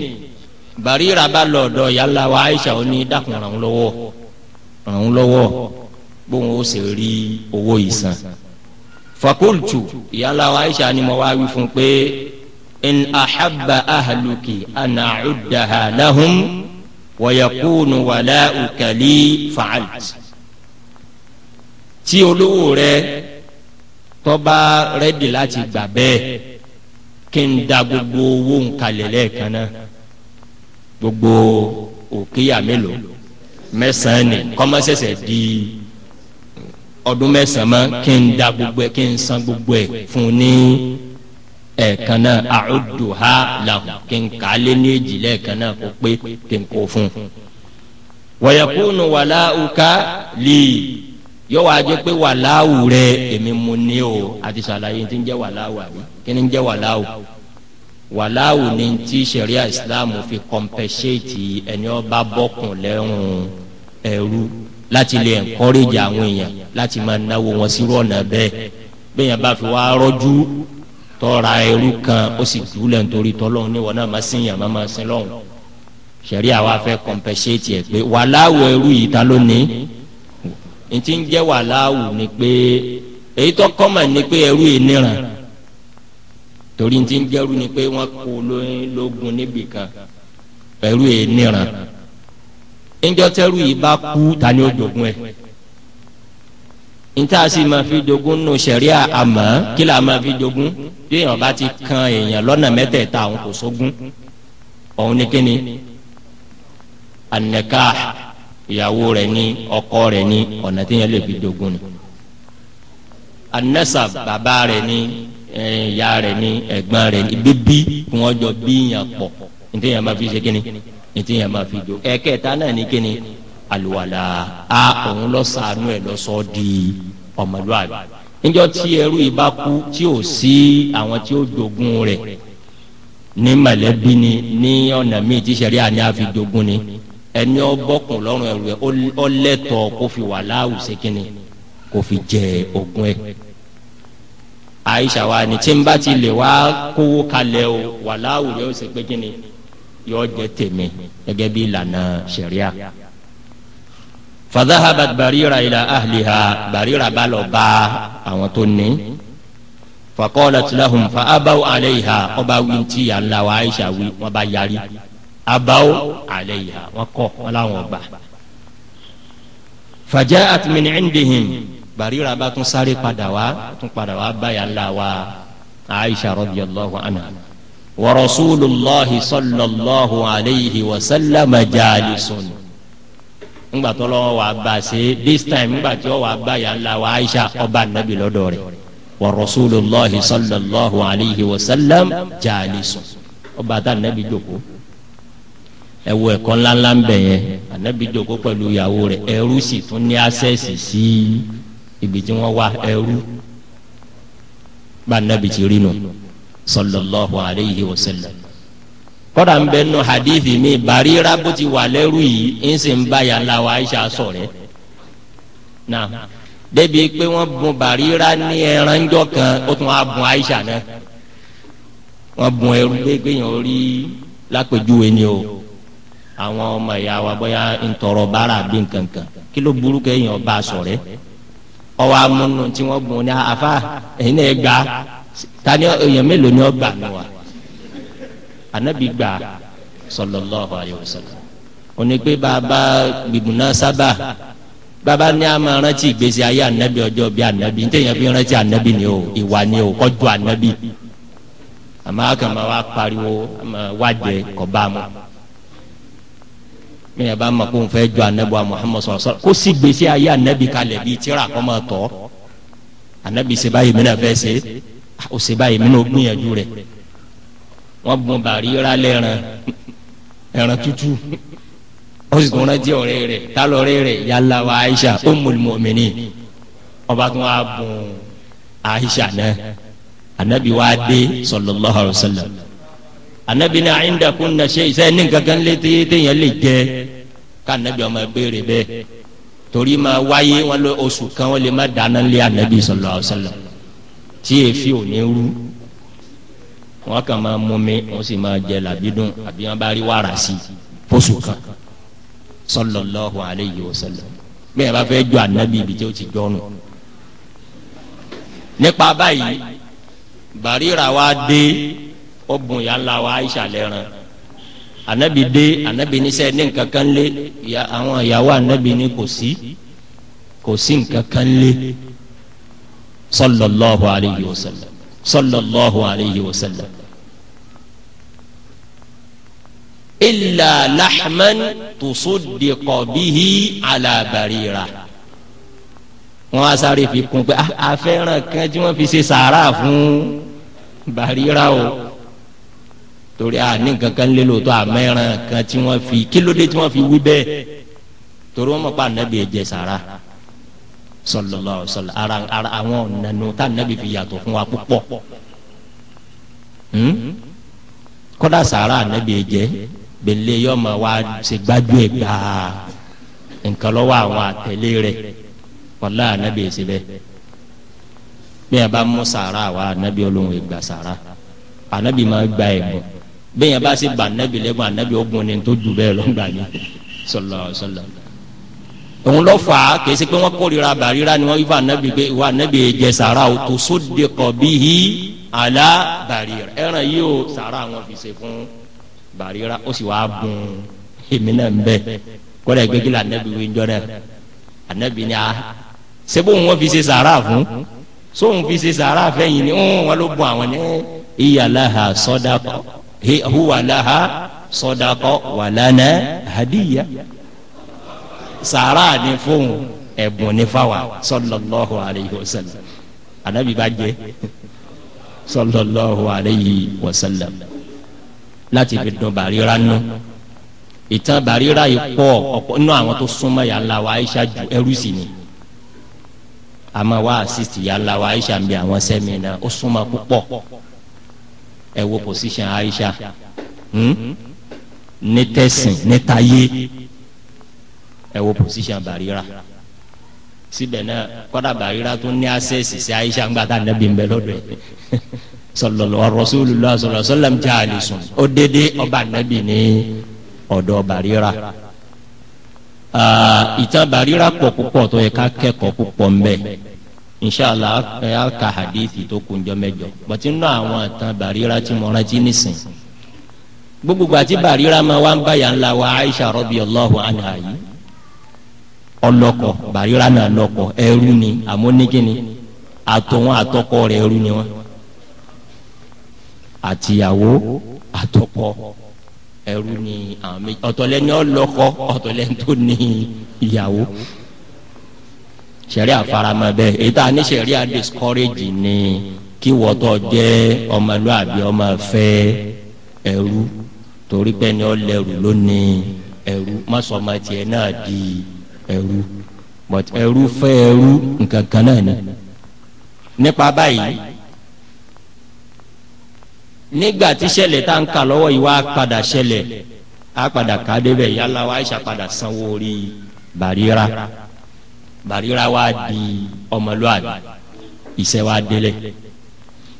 bàrírà bá lọ ọ̀dọ̀ yàrá wa Aisha ó ní dákun ràn án lọ́wọ́ ràn án lọ́wọ́ bóun ó sì rí owó yìí san. fakultu yàrá wa Aisha ni mo wá wí fún pé in ahabba ahluki ana cuddaha lahum wayakunu wala ukali facalt tí olówó rẹ tọ́ba rẹ́dì láti gbà bẹ́ẹ̀ kí n da gbogbo owó nkalẹ̀ lẹ́ẹ̀kan náà gbogbo òkèèyà mélòó mẹ́sàn-án ni kọ́mọ́sẹ̀sẹ̀ di ọdún mẹ́sàn-án mọ́ kí n da gbogbo ẹ̀ kí n san gbogbo ẹ̀ fún un ní ẹ̀ẹ̀kan náà àrùdù làwọn kí n kà á lé ní èjì lẹ́ẹ̀kan náà kó pé kí n kó fún un. wọ̀yẹ̀kùnù wàlá uka lìí yọ wá jẹ pé wàláwù rẹ èmi mu ní o àti sàlàyé tí ń jẹ wàláwù àbí kí ni ń jẹ wàláwù wàláwù ni ti ṣẹ̀ríà islam fi kọmpẹṣẹẹtì ẹni ọba bọkùn lẹ́rùn ẹrú láti lè ẹnkọrẹjì àwọn èèyàn láti máa náwó wọn sí rọnà bẹ́ẹ̀ bẹ́ẹ̀ yẹn bá fi wá rọjú tọra ẹrú kan ó sì dúlẹ̀ nítorí tọ́lọ́hún níwọ̀n náà máa sìn yàn máa máa sìn lọ́hùn ṣẹ̀ríà wa fẹ́ kọmpẹṣẹẹtì ẹ pé wàláwù ẹrú yìí ta ló ní ntí ń jẹ́ wàláwù ni pé èyí tó kọ́mà ni pé ẹrú ìníran torí ntí ń jẹ́rú ni pé wọ́n kó lógun níbì kan ẹrú ìníran ńjọ́ tẹ́rú yìí bá kú ta ni ó jogún ẹ̀ nta sì máa fi jogún nù sẹ̀ríà àmọ́ kí la máa fi jogún bí èèyàn bá ti kan èèyàn lọ́nà mẹ́tẹ̀ẹ̀ta àwọn kò sógún ọ̀hún ni kíni an ìyàwó rẹ̀ ní ọkọ rẹ̀ ní ọ̀nà tí yẹn lè fi dogun ni anasa bàbá rẹ̀ ní ìyá rẹ̀ ní ẹ̀gbọ́n rẹ̀ ní bíbí kí wọ́n jọ bí yẹn pọ̀ ní tí yẹn máa fi ṣe kíni ní tí yẹn máa fi do ẹ̀kẹta náà ní kíni aluwala a òun lọ sànú ẹ lọ sọ di ọmọlúwàbí níjọ́ tí ẹrú yìí bá kú tí ò sí àwọn tí ó dogun rẹ̀ ní mọ̀lẹ́bí ni ní ọ̀nà míì tí ṣẹ̀ríà ní àfi dogun ni ẹni ọbọkùn lọ́rùn ẹrù ẹ ọlẹtọ kó fi wà láwùsẹ kínní kó fi jẹ ogún ẹ àyíṣà wa ni tí n bá ti lè wá kówó kalẹ̀ o wà láwùrẹ́ ó pé kínní yọ jẹ tèmi gẹ́gẹ́ bí ìlànà ṣẹ̀ríà. fadahabat barira ila ahliha barira bá lọ bá àwọn tó ní faqalat lahum fa abaw alayha ọba wíńtì yà ńlá wa àyíṣà wí wọn bá yarí abawo aleha wọn kọ wọn làwọn gbà fàjẹ àtìmínì ẹnìdìhìn bàríra bá tún sáré padà wá tún padà wá báyà ńlá wa aisha radiyallahu anha wa rasulillahi sallallahu alayhi wa sallam jalisun ngba tó lọ́wọ́ wa ba ṣe this time ngba tí wọ́n wa ba ńlá wa aisha ọba nabi lọ́dọ̀ rẹ̀ wa rasulillahi sallallahu alayhi wa sallam jalisun ọba tá nabi jókòó ẹ wo ẹ̀kọ́ ńláńlá ń bẹ yẹn ànábì jókòó pẹ̀lú ìyàwó rẹ̀ ẹrú sì tún ní àṣẹ́sì sí ibi tí wọ́n wá ẹrú bá ànábì ti rí nu sallallahu alayhi wa sallam kọ́dà ń bẹ nù hadithi mi Barira bó ti wà lẹ́rú yìí ń sì ń bá yàrá wa Aisha sọ̀rẹ́ náà débi pé wọ́n bùn Barira ní ẹranjọ́ kan ó tún wá bùn Aisha náà wọ́n bùn ẹrú gbégbé yẹn orí lápèjúwe ni o àwọn ọmọ ìyá wa bóyá ntọrọ bára bí nkankan kí ló burú kẹyìn ọba sọrẹ ọwọ amúnú tí wọn bùn ní àfa ẹyin náà gbà tani èèyàn mélòó ni ọ gbà nù wa anabi gbà sallallahu alayhi wa sallam òní pé bàbá gbìgbóná sábà bàbá ní a máa rántí ìgbésí ayé anabi ọjọ́ bíi anabi ní tẹ̀yìn fi rántí anabi ni o ìwà ni o kọjú anabi àmọ́ àkàmọ́ wa pariwo wájẹ kọ́ bá a mọ́ bẹ́ẹ̀ bá ma kó n fẹ́ jọ anabi wa muhammad sọ̀rọ̀ sọ̀rọ̀ kó sì gbèsè ayé anabi kalẹ̀ bíi tíra kọ́ ma tọ́ anabi ṣe báyìí mi náà fẹ́ ṣe ó ṣe báyìí mi náà gbìyànjú rẹ̀ wọ́n bùn bàrí rà lẹ́ran ẹran tútù ó sì tún rántí ọ̀rẹ́ rẹ̀ tálọ́rẹ́ rẹ̀ yálà wa aisha ummul mu'minin ọba tún wá bùn aisha náà anabi wa dé sallallahu alaihi wasallam anabi ní àyíndàkùn náà ṣe iṣẹ́ ní gangan létí téèyàn lè jẹ ká anabi ọmọ béèrè bẹ́ẹ̀ torí ma wáyé wọn lọ oṣù kan wọn lè má dáná lé anabi sallallahu alaihi wasallam tí èéfì ò ní rú wọn kàn máa mú mi wọn sì máa jẹ làbídùn àbí wọn bá rí wàrà sí i fóṣù kan sallallahu alaihi wasallam bẹ́ẹ̀ bá fẹ́ jọ anabi ibi tí ó ti jọ́nu nípa báyìí bàrírà wa dé ọgbọ̀n ya la wa aisha lẹ́ran anabi dé anabi níṣẹ́ ní nǹkan kan lé àwọn ìyàwó anabi ní kò sí kò sí nǹkan kan lé sallallahu alayhi wa sallam sallallahu alayhi wa sallam illa lahman tusuddiqo bihi ala barira wọn á sáré fi kún pé ah, a fẹ́ràn kan tí wọ́n fi ṣe sàárà fún barira o torí a ní kankan lé lóòótọ́ àmẹ́ràn kan tí wọ́n fi kílódé tí wọ́n fi wí bẹ́ẹ̀ torí wọ́n mọ̀ pé ànábì ẹ̀ jẹ sàrà sọlọlọ sọlọ ara ara àwọn ọ̀nànú tá ànábì fi yàtọ̀ fún wa púpọ̀ hmm? kọ́dà sàrà ànábì ẹ̀ jẹ bẹ̀lẹ́ yọ ma wá ṣe gbájú ẹ̀ gbàá nǹkan lọ́wọ́ àwọn àtẹ̀lé rẹ̀ wàlá ànábì ẹ̀ ṣe bí a bá mú sàrà wa ànábì ọlọ́run ẹ̀ gbà sàrà ànábì máa gba ẹ̀bùn bẹ́ẹ̀ yẹn bá sì bà nẹ́bi lẹ́gbọ̀n ànẹ́bi ogun ni tó ju bẹ́ẹ̀ lọ́gbà ni sọlọ sọlọ. òun lọ fà á kèsì pé wọ́n kórìíra bàríra ni wọ́n yí fà nẹ́bi pé wà nẹ́bi jẹ sàrà o tó sóde kọ̀ bí hi àlà bàríra ẹran yìí o sàrà wọn fi ṣe fún bàríra ó sì wàá bùn èmi náà ń bẹ kọ́lá ìgbégi la nẹ́bi wí jọ náà ànẹ́bi ni a sebo wọn fi ṣe sàrà fún sóhun fi ṣe sàrà fẹ́yìn ni wọn ló bùn àwọn ní ìyàlá ha sọ́dà huwa laha sodako walana lana hadiya sàrà ni fún ẹ̀bùn ní fáwa sallallahu alayhi wa sallam anabi bá jẹ sallallahu alayhi wa sallam láti fi dùn bàríra nù ìtàn bàríra yìí pọ̀ ọ̀pọ̀ nínú àwọn tó súnmọ́ yàrá wa aisha ju ẹrú sí ni àmọ́ wa assist yàrá wa aisha ń bẹ àwọn sẹ́mi ó súnmọ́ púpọ̀ ẹ wo position Aisha hmm? ní tẹ̀sìn ní tayé ẹ wo position Barira síbẹ̀ náà kọ́dà Barira tó ní access sí Aisha ń gbà tá nẹ́bí ń bẹ lọ́dọ̀ ẹ̀ sallallahu rasulillah sallallahu sallam jẹ́ àlùsùn ó dédé ọba nẹ́bí ní ọ̀dọ̀ Barira ah, ìtàn Barira pọ̀ púpọ̀ tó yẹ ká kẹ́kọ̀ọ́ púpọ̀ ń bẹ inshàlá ẹ á ka hadithi tó kunjọ mẹ́jọ bọtí nínú àwọn àtàn bàríra tí mo rántí nísìn gbogbo àti bàríra máa wá ń bá yàn la wa aisha radiyallahu anha yìí ọlọkọ bàríra náà lọkọ ẹrú ni àmóníkíni àtọwọn àtọkọ rẹ ẹrú ni wọn àtìyàwó àtọkọ ẹrú ni àwọn méjì ọ̀tọ̀lẹni ọlọkọ ọ̀tọ̀lẹni tó ní ìyàwó sẹ̀rí àfaramọ́ bẹ́ẹ̀ èyí tá a discourage ni kí wọ́tọ̀ jẹ́ ọmọlúàbí ọmọ fẹ́ ẹrú torí pé ni ọ lẹrù lónìí ẹrú mọ́sọ̀mọ́ náà di ẹrú but ẹrú fẹ́ ẹrú nǹkan kan náà ni nípa báyìí nígbà tí ṣẹlẹ̀ tá n kà lọ́wọ́ yìí wá padà ṣẹlẹ̀ á padà ká yálà wá Aisha sanwó orí Barira bàríra wa di ọmọlúwàbí iṣẹ́ wa délẹ̀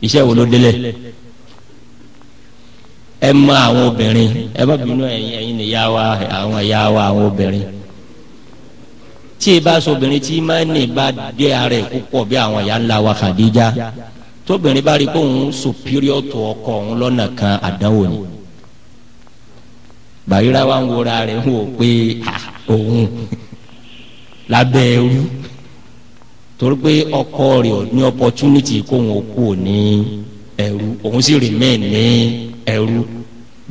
iṣẹ́ wo ló délẹ̀ ẹ mọ àwọn obìnrin ẹ bá bínú ẹ̀yin ẹ̀yin nìyá wa àwọn ẹ̀yà wa àwọn obìnrin tí e bá sọ obìnrin tí máa ń ní bá dé ara ẹ̀ púpọ̀ bí àwọn ẹ̀yà ńlá wa Khadija tóbìnrin bá rí i pé òun superior tó ọkọ òun lọ́nà kan àdánwò ni bàríra wa ń wora rẹ̀ ń wò pé ah, òun lábẹ́ ẹrú torí pé ọkọ rẹ̀ ní opportunity kóun ó kú ní ẹrú òun sì remain ní ẹrú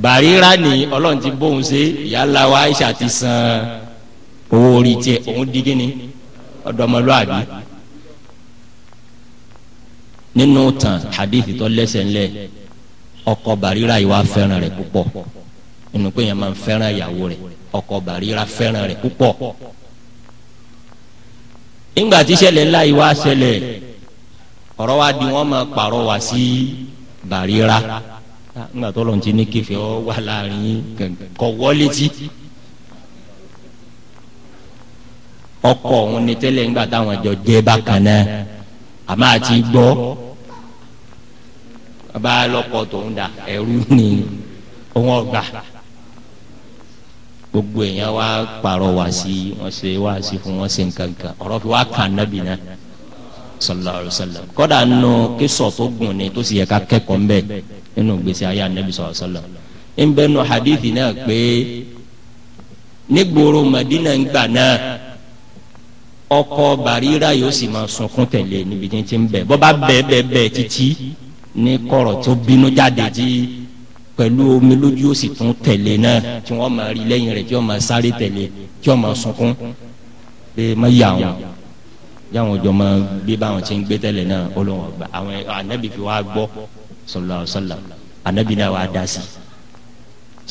bàríra ni ọlọ́run ti bóun ṣe ìyáàlá wa aisha ti san owó orí tiẹ̀ òun di kíni ọ̀dọ́mọlúwàbí nínú tàn hadith tó lẹ́sẹ̀ ńlẹ̀ ọkọ bàríra yìí wá fẹ́ràn rẹ̀ púpọ̀ nínú pé yẹn máa ń fẹ́ràn ìyàwó rẹ̀ ọkọ bàríra fẹ́ràn rẹ̀ púpọ̀ ńgbà tí ṣẹlẹ̀ ńlá yìí wá ṣẹlẹ̀ ọ̀rọ̀ wa di wọ́n máa pàrọ̀ wá sí Bàrírà ńgbà tó lọ́n ti ní kẹfẹ́ ọ wà láàrin kọ̀ wọlé tí ọkọ òun ni tẹ́lẹ̀ ńgbà táwọn jọ jẹ́ bákan náà àmọ́ àti gbọ́ bàbá lọ́kọ̀ tó ń da ẹ̀rú ni òun ọgbà gbogbo èèyàn wá pààrọ̀ wá sí wọ́n ṣe wá sí fún wọ́n ṣe nǹkan kan ọ̀rọ̀ fi wá kàn nábì náà sallallahu alaihi wasallam kódà nù kísọ tó gùn ni tó sì yẹ ká kẹ́kọ̀ọ́ mbẹ nínú gbèsè ayé anabi sallallahu alaihi wasallam nbẹ nù hadithi náà pé nígboro madina ngbà náà ọkọ barira yóò sì máa sunkún tẹ̀lé níbi tí ń bẹ bọba bẹ́ẹ̀ bẹ́ẹ̀ bẹ́ẹ̀ títí ní kọ̀rọ̀ tó bínú jáde tí pẹ̀lú omi lójú ó sì tún tẹ̀lé náà tí wọ́n máa rí lẹ́yìn rẹ̀ tí wọ́n máa sáré tẹ̀lé tí wọ́n máa sunkún pé má yà wọn yàwọn jọ máa gbé báwọn ti ń gbé tẹ̀lé náà ọlọ́wọ́n gbà àwọn anabi fi wá gbọ́ sallallahu alaihi wasallam anabi náà wá dá sí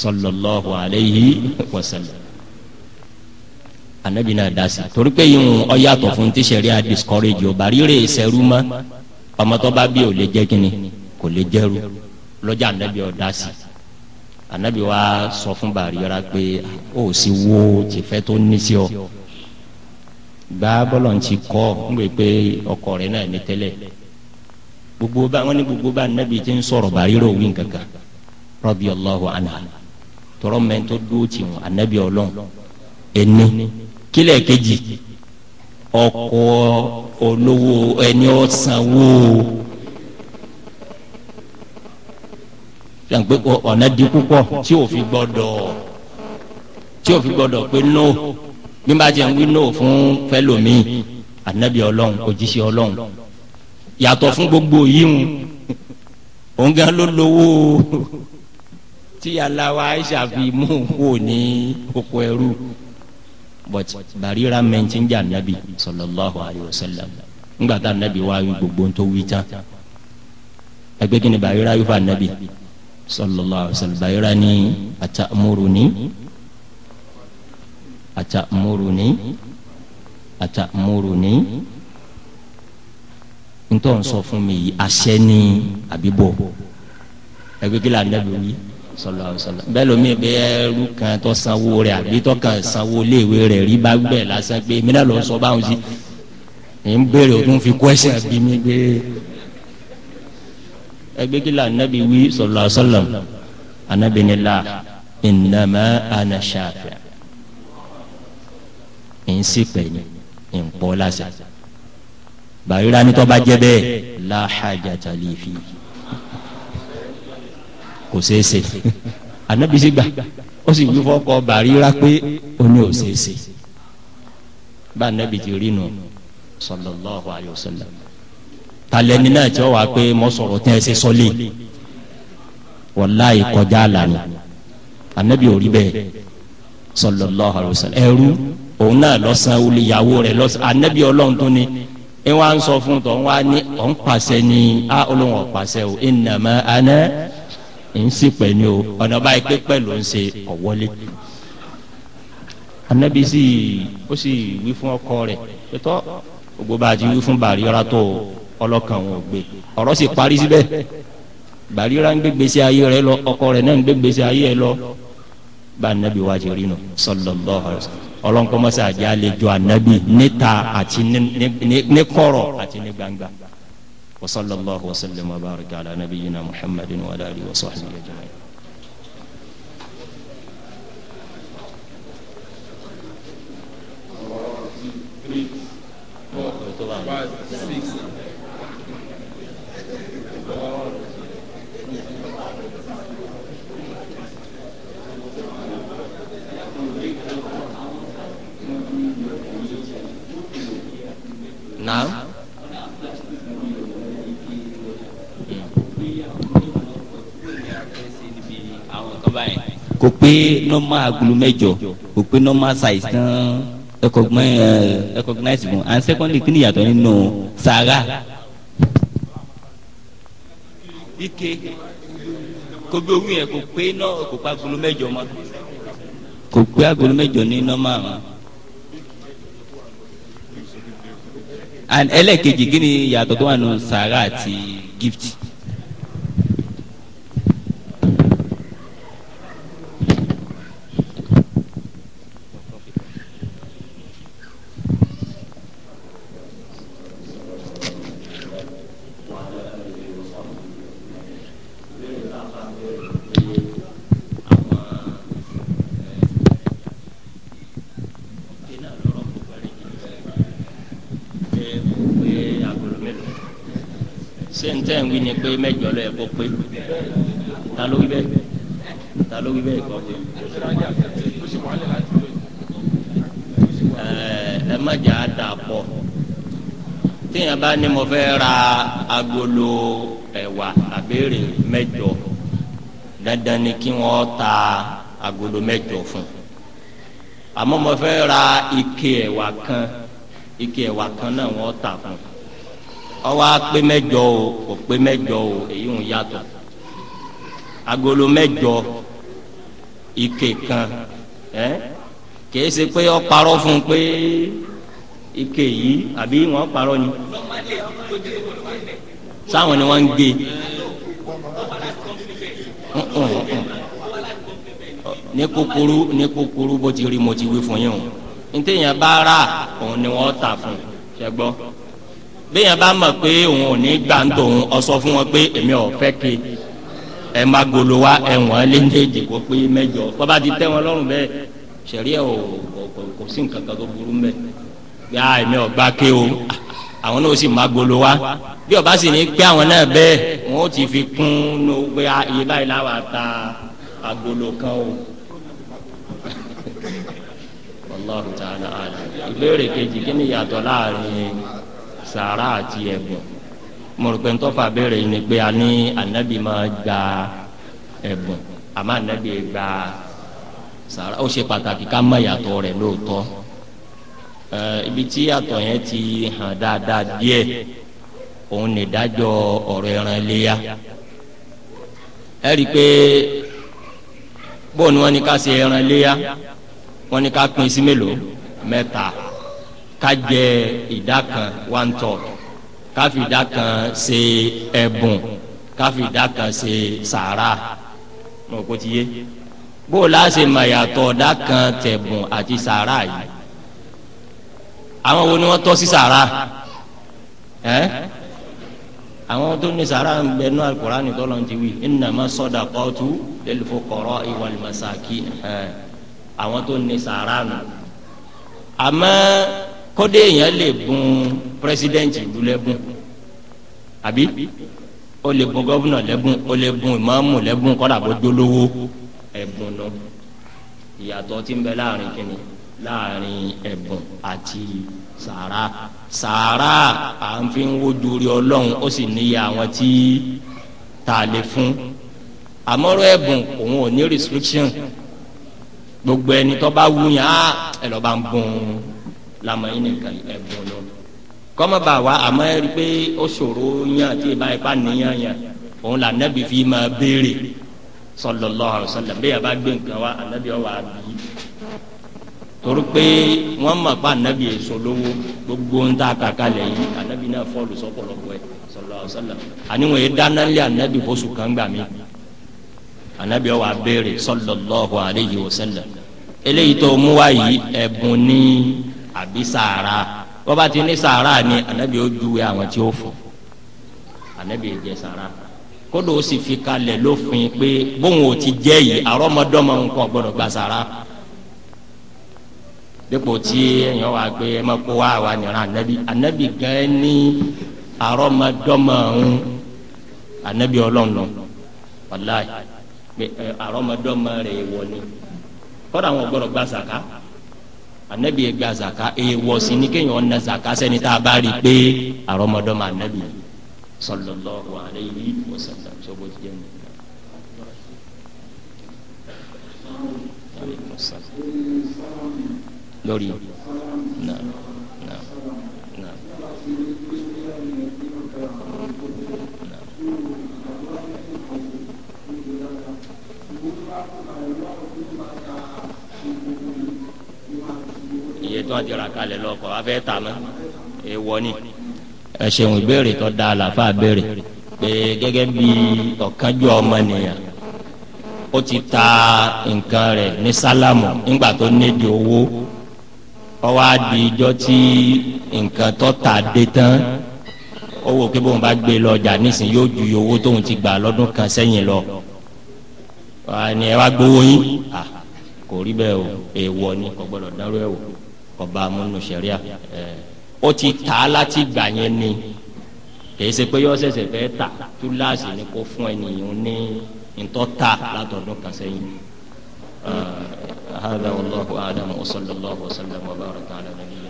sallallahu alaihi wasallam anabi náà dá sí torí pé yìí ń ọyàtọ̀ fún ti ṣẹ̀ríà discourage ọba rírè ìṣẹ́rú mọ́ ọmọ tó bá bí ò lè jẹ́ kínni kò lè jẹ́rú. lọ́jà anabi ọ̀dà sí anabi wa sọ fún bàríyàrá pé ó sì wo tìfẹ́ tó ní sí ọ gba bọ́lọ̀ ń ti kọ́ ń gbé pé ọkọ rẹ̀ náà ní tẹ́lẹ̀ gbogbo bá wọn ní gbogbo bá anabi ti ń sọ̀rọ̀ bàríyàrá òwìn kankan radiyallahu anha tọrọ mẹ́tò dúró tì wọn anabi ọlọ́run ẹni kílẹ̀ kejì ọkọ olówó ẹni ọ̀sánwó. sọ pé ọ̀nà di púpọ̀ tí ò fi gbọ́dọ̀ tí ò fi gbọ́dọ̀ pé no bí n bá jẹun wí no fún fẹlòmíì ànábì ọlọ́run òjíṣẹ́ ọlọ́run yàtọ̀ fún gbogbo yíhun òun gan ló lówó tí aláwa aisha fi mú wò ní oko ẹrú but barira mẹ́ntin jẹ́ ànábì sallallahu alayhi wa sallam ńgbà tá ànábì wá wí gbogbo ń tó wí tán ẹgbẹ́ kí ni barira yóò fà ànábì sallallahu alaihi wasallam bayira ni atamuruni atamuruni atamuruni ntọ́ n sọ fún mi yìí aṣẹ ni àbíbọ̀ ẹgbẹ́ la nẹ́bi wí sallallahu alaihi wasallam bẹ́ẹ̀ lómi bẹ́ẹ̀ ẹrú kan tó sanwó rẹ̀ àbí tó kan sanwó léèwé rẹ̀ rí bá gbẹ̀ lásán pé mi náà lọ sọ báwọn sí ń béèrè o tún fi kọ́ ẹ̀sìn àbí mi gbé ẹgbẹ́ kí la anabi wí sallallahu alaihi wasallam anabi ni la innama ana shafi n sì pè ní nkpọ́ lásì bàrírà ni tó bá jẹ́ bẹ́ẹ̀ la hajata li fi kò ṣeé ṣe anabi sì gbà ó sì wí fọ́kọ bàrírà pé ó ní ò ṣeé ṣe anabi ti rí nu sallallahu alaihi wasallam talẹni náà tí ó wà pé mo sọ̀rọ̀ tẹ́ ẹ ṣe sọ́lé wàláyé kọjá lànà anabi ò rí bẹ́ẹ̀ sallallahu alaihi wasallam ẹrú òun náà lọ́sàn án olè ìyàwó rẹ̀ lọ́sàn án anabi ọlọ́run tó ni ẹ wá ń sọ fún tọ̀ ń wá ní ọ̀ pàṣẹ ni á olóhùn ọ̀pàṣẹ o innama ana ń sì pẹ̀ ni o ọ̀nà báyìí pé pẹ̀lú ń ṣe ọ̀wọ́lé anabi sì ó sì wí fún ọkọ rẹ̀ pẹ̀tọ́ gbogbo bá a ti wí fún bàrí ọ̀rá tó o ọlọ́kàn wọn ò gbé ọ̀rọ̀ sì parí síbẹ̀ Barira ń gbé gbèsè ayé rẹ lọ ọkọ rẹ náà ń gbé gbèsè ayé rẹ lọ bá anabi wa ti rí nu sallallahu alaihi wasallam ọlọ́nkọ́mọ́sá àjẹ́ àlejò anabi níta àti ní kọ̀rọ̀ àti ní gbangba wa sallallahu wa sallam wa baraka ala wa alihi wa sahbihi ajma'in. naam kò pé normal agulu mẹ́jọ kò pé normal size tán recognize mu and secondly kí ni yàtọ̀ nínú sàrà ike gbogbo ohun yẹn kò pé náà kò pa agolo mẹ́jọ mọ́ kò pé agolo mẹ́jọ ní nọ́mà mọ́. and ẹlẹ́ẹ̀kejì kí ni yàtọ̀ tó wà nù sàrà àti gift. kọ pé ta ló wí bẹ́ẹ̀ ta ló wí bẹ́ẹ̀ kọ pé. ẹ má jà á dà pọ̀ téèyàn bá ní mo fẹ́ ra agolo ẹ̀wà àbẹ́rẹ́ mẹ́jọ dandan ni kí wọ́n ta agolo mẹ́jọ fún un àmọ́ mo fẹ́ ra ike ẹ̀wà kan ike ẹ̀wà kan náà wọ́n tà fún ọwọ́ apé mẹ́jọ o kò pé mẹ́jọ o èyí ń yàtọ̀ agolo mẹ́jọ ike kan ẹ kìí ṣe pé ọ parọ́ fún pé ike yìí àbí wọ́n parọ́ ni sáwọn ni wọ́n ń gbé ní kúkúrú ní kúkúrú bó ti rí mo ti wí fún yín o ntẹ̀yìn bá rà òun ni wọ́n tà fún ṣẹ́gbọ́n bẹ́ẹ̀ bá mọ̀ pé òun ò ní gbà ń tòun ọsọ fún wọn pé èmi ò fẹ́ ke ẹ má golo wa ẹ̀wọ̀n léńdéèdì kó pé mẹ́jọ bàbá ti tẹ́ wọn lọ́rùn bẹ́ẹ̀ sẹ̀ríà ò kò sí nǹkan kan tó burú mbẹ́ bí a èmi ò gbà ké o àwọn náà sì má golo wa bí ọba sì ní pé àwọn náà bẹ́ẹ̀ wọn ó ti fi kún ní pé iye báyìí láwa ta agolo kan o. Allahu ta'ala ala ìbéèrè kejì kí ni ìyàtọ̀ láàrin sàrà àti ẹ̀bùn mọ̀rùpẹ̀ ńtọ́fà béèrè ni pé a ní anabi máa gba ẹ̀bùn àmọ́ anabi gba sàrà ó ṣe pàtàkì ká mọ̀ ìyàtọ̀ rẹ̀ lóòótọ́ ibi tí ìyàtọ̀ yẹn ti hàn dáadáa díẹ̀ òun ní ìdájọ́ ọ̀rọ̀ ẹran léyà ẹ rí i pé bóun ni wọ́n ní ká ṣe ẹran léyà wọ́n ní ká pín sí mélòó mẹ́ta ká jẹ ìdá kan one third ká fi ìdá kan ṣe ẹ̀bùn ká fi ìdá kan ṣe sàárà mọ̀ kó ti yé bó o láṣẹ mayàtọ̀ ọ̀dà kan tẹ̀bùn àti sàárà yìí àwọn wo ni wọ́n tọ́ sí sàárà ẹ́ àwọn tó ní sàárà ń bẹ nú Al-Qur'ani tó ti wí innama sadaqatu lil fuqara'i wal masakin ẹ́ àwọn tó ní sàárà nù àmọ́ kọ́dé èèyàn lè bùn pírẹsidẹ́ǹtì ìlú lẹ́bùn àbí ó lè bùn gọ́vùnà lẹ́bùn ó lè bùn ìmáàmù lẹ́bùn kọ́dà bó jólówó ẹ̀bùn náà ìyàtọ̀ tí ń bẹ láàrin kìnnì láàrin ẹ̀bùn àti sàárà sàárà à ń fi ń wojú rí ọlọ́run ó sì níyà àwọn tí tá lè fún àmọ́rọ̀ ẹ̀bùn òun ò ní restriction gbogbo ẹni tó bá wúyàn á ẹ lọ́ọ́ bá ń bùn lamọ yín nìkan ẹbùn lọ kọ́mọ bá wa àmọ́ ẹ rí i pé ó ṣòro yín àti ìbá ipá nìyàn yẹn òun là fi máa béèrè sallallahu alaihi wasallam bẹ́ẹ̀ bá gbé nǹkan wa ànábi ọ̀wà àbí torí pé wọ́n mọ̀ pé ànábi èso lówó gbogbo ń ta kàkà lẹ̀ yìí ànábi náà fọ́ọ̀lù sọ́pọ̀lọpọ̀ ẹ̀ sallallahu alaihi wasallam àníwọ̀n yìí dana lé ànábi fóṣù kan gbà mí ànábi ọ̀wà béèrè sallallahu alaihi wasallam eléyìí tó mú wá yìí ẹ̀bùn ní àbí sàárà wọ́n bá ti ní sàárà ni ànábì ó júwe àwọn tí ó fún ànábì jẹ sàárà kódò ó sì fi kalẹ̀ lófin pé bóun ò ti jẹ́ yìí àrọ́mọdọ́mọ nǹkan gbọ́dọ̀ gba sàárà dípò tí èèyàn wá gbé ẹ máa wá wà nìran ànábì ànábì gan ní àrọ́mọdọ́mọ ń ànábì ọlọ́run wàláì àrọ́mọdọ́mọ rẹ̀ wọ̀ ni kódà àwọn gbọ́dọ̀ gba sàárà anabi ẹgbẹ azaka eye wọsi ni kéèyàn ọ̀nà zaka sẹni tá a bá rí i pé àrọmọdọ́mọ anabi sallallahu alayhi wa sallam sọgbó ti jẹ́ lórí náà. tí wọ́n ti rà kalẹ̀ lọ́kọ̀ afẹ́ tà mọ́ èèwọ̀ ni. ẹ ṣeun ìbéèrè tó da àlàfà béèrè pé gẹ́gẹ́ bí ọ̀kánjú ọmọnìyàn ó ti ta nǹkan rẹ̀ ní sálámù nígbà tó nídìí owó ó wá di ijọ́ tí nǹkan tó tà dé tán owó kí bóun bá gbé lọ ọjà nísìnyí yóò ju owó tóun ti gbà lọ́dún kan sẹ́yìn lọ ni ẹ gbowó yín kò rí bẹ́ẹ̀ o èèwọ̀ ni kò gbọ́dọ̀ dárú ẹ̀ kọba amúnú sẹríà ẹ ó ti tà á láti gbà yẹn ni kìí ṣe pé yọ ṣẹ̀ṣẹ̀ fẹ́ tà túláàsì ni kó fún ènìyàn ní ntọ́ ta látọ̀dún kan sẹ́yìn. هذا والله أعلم وصلى الله وسلم وبارك على نبينا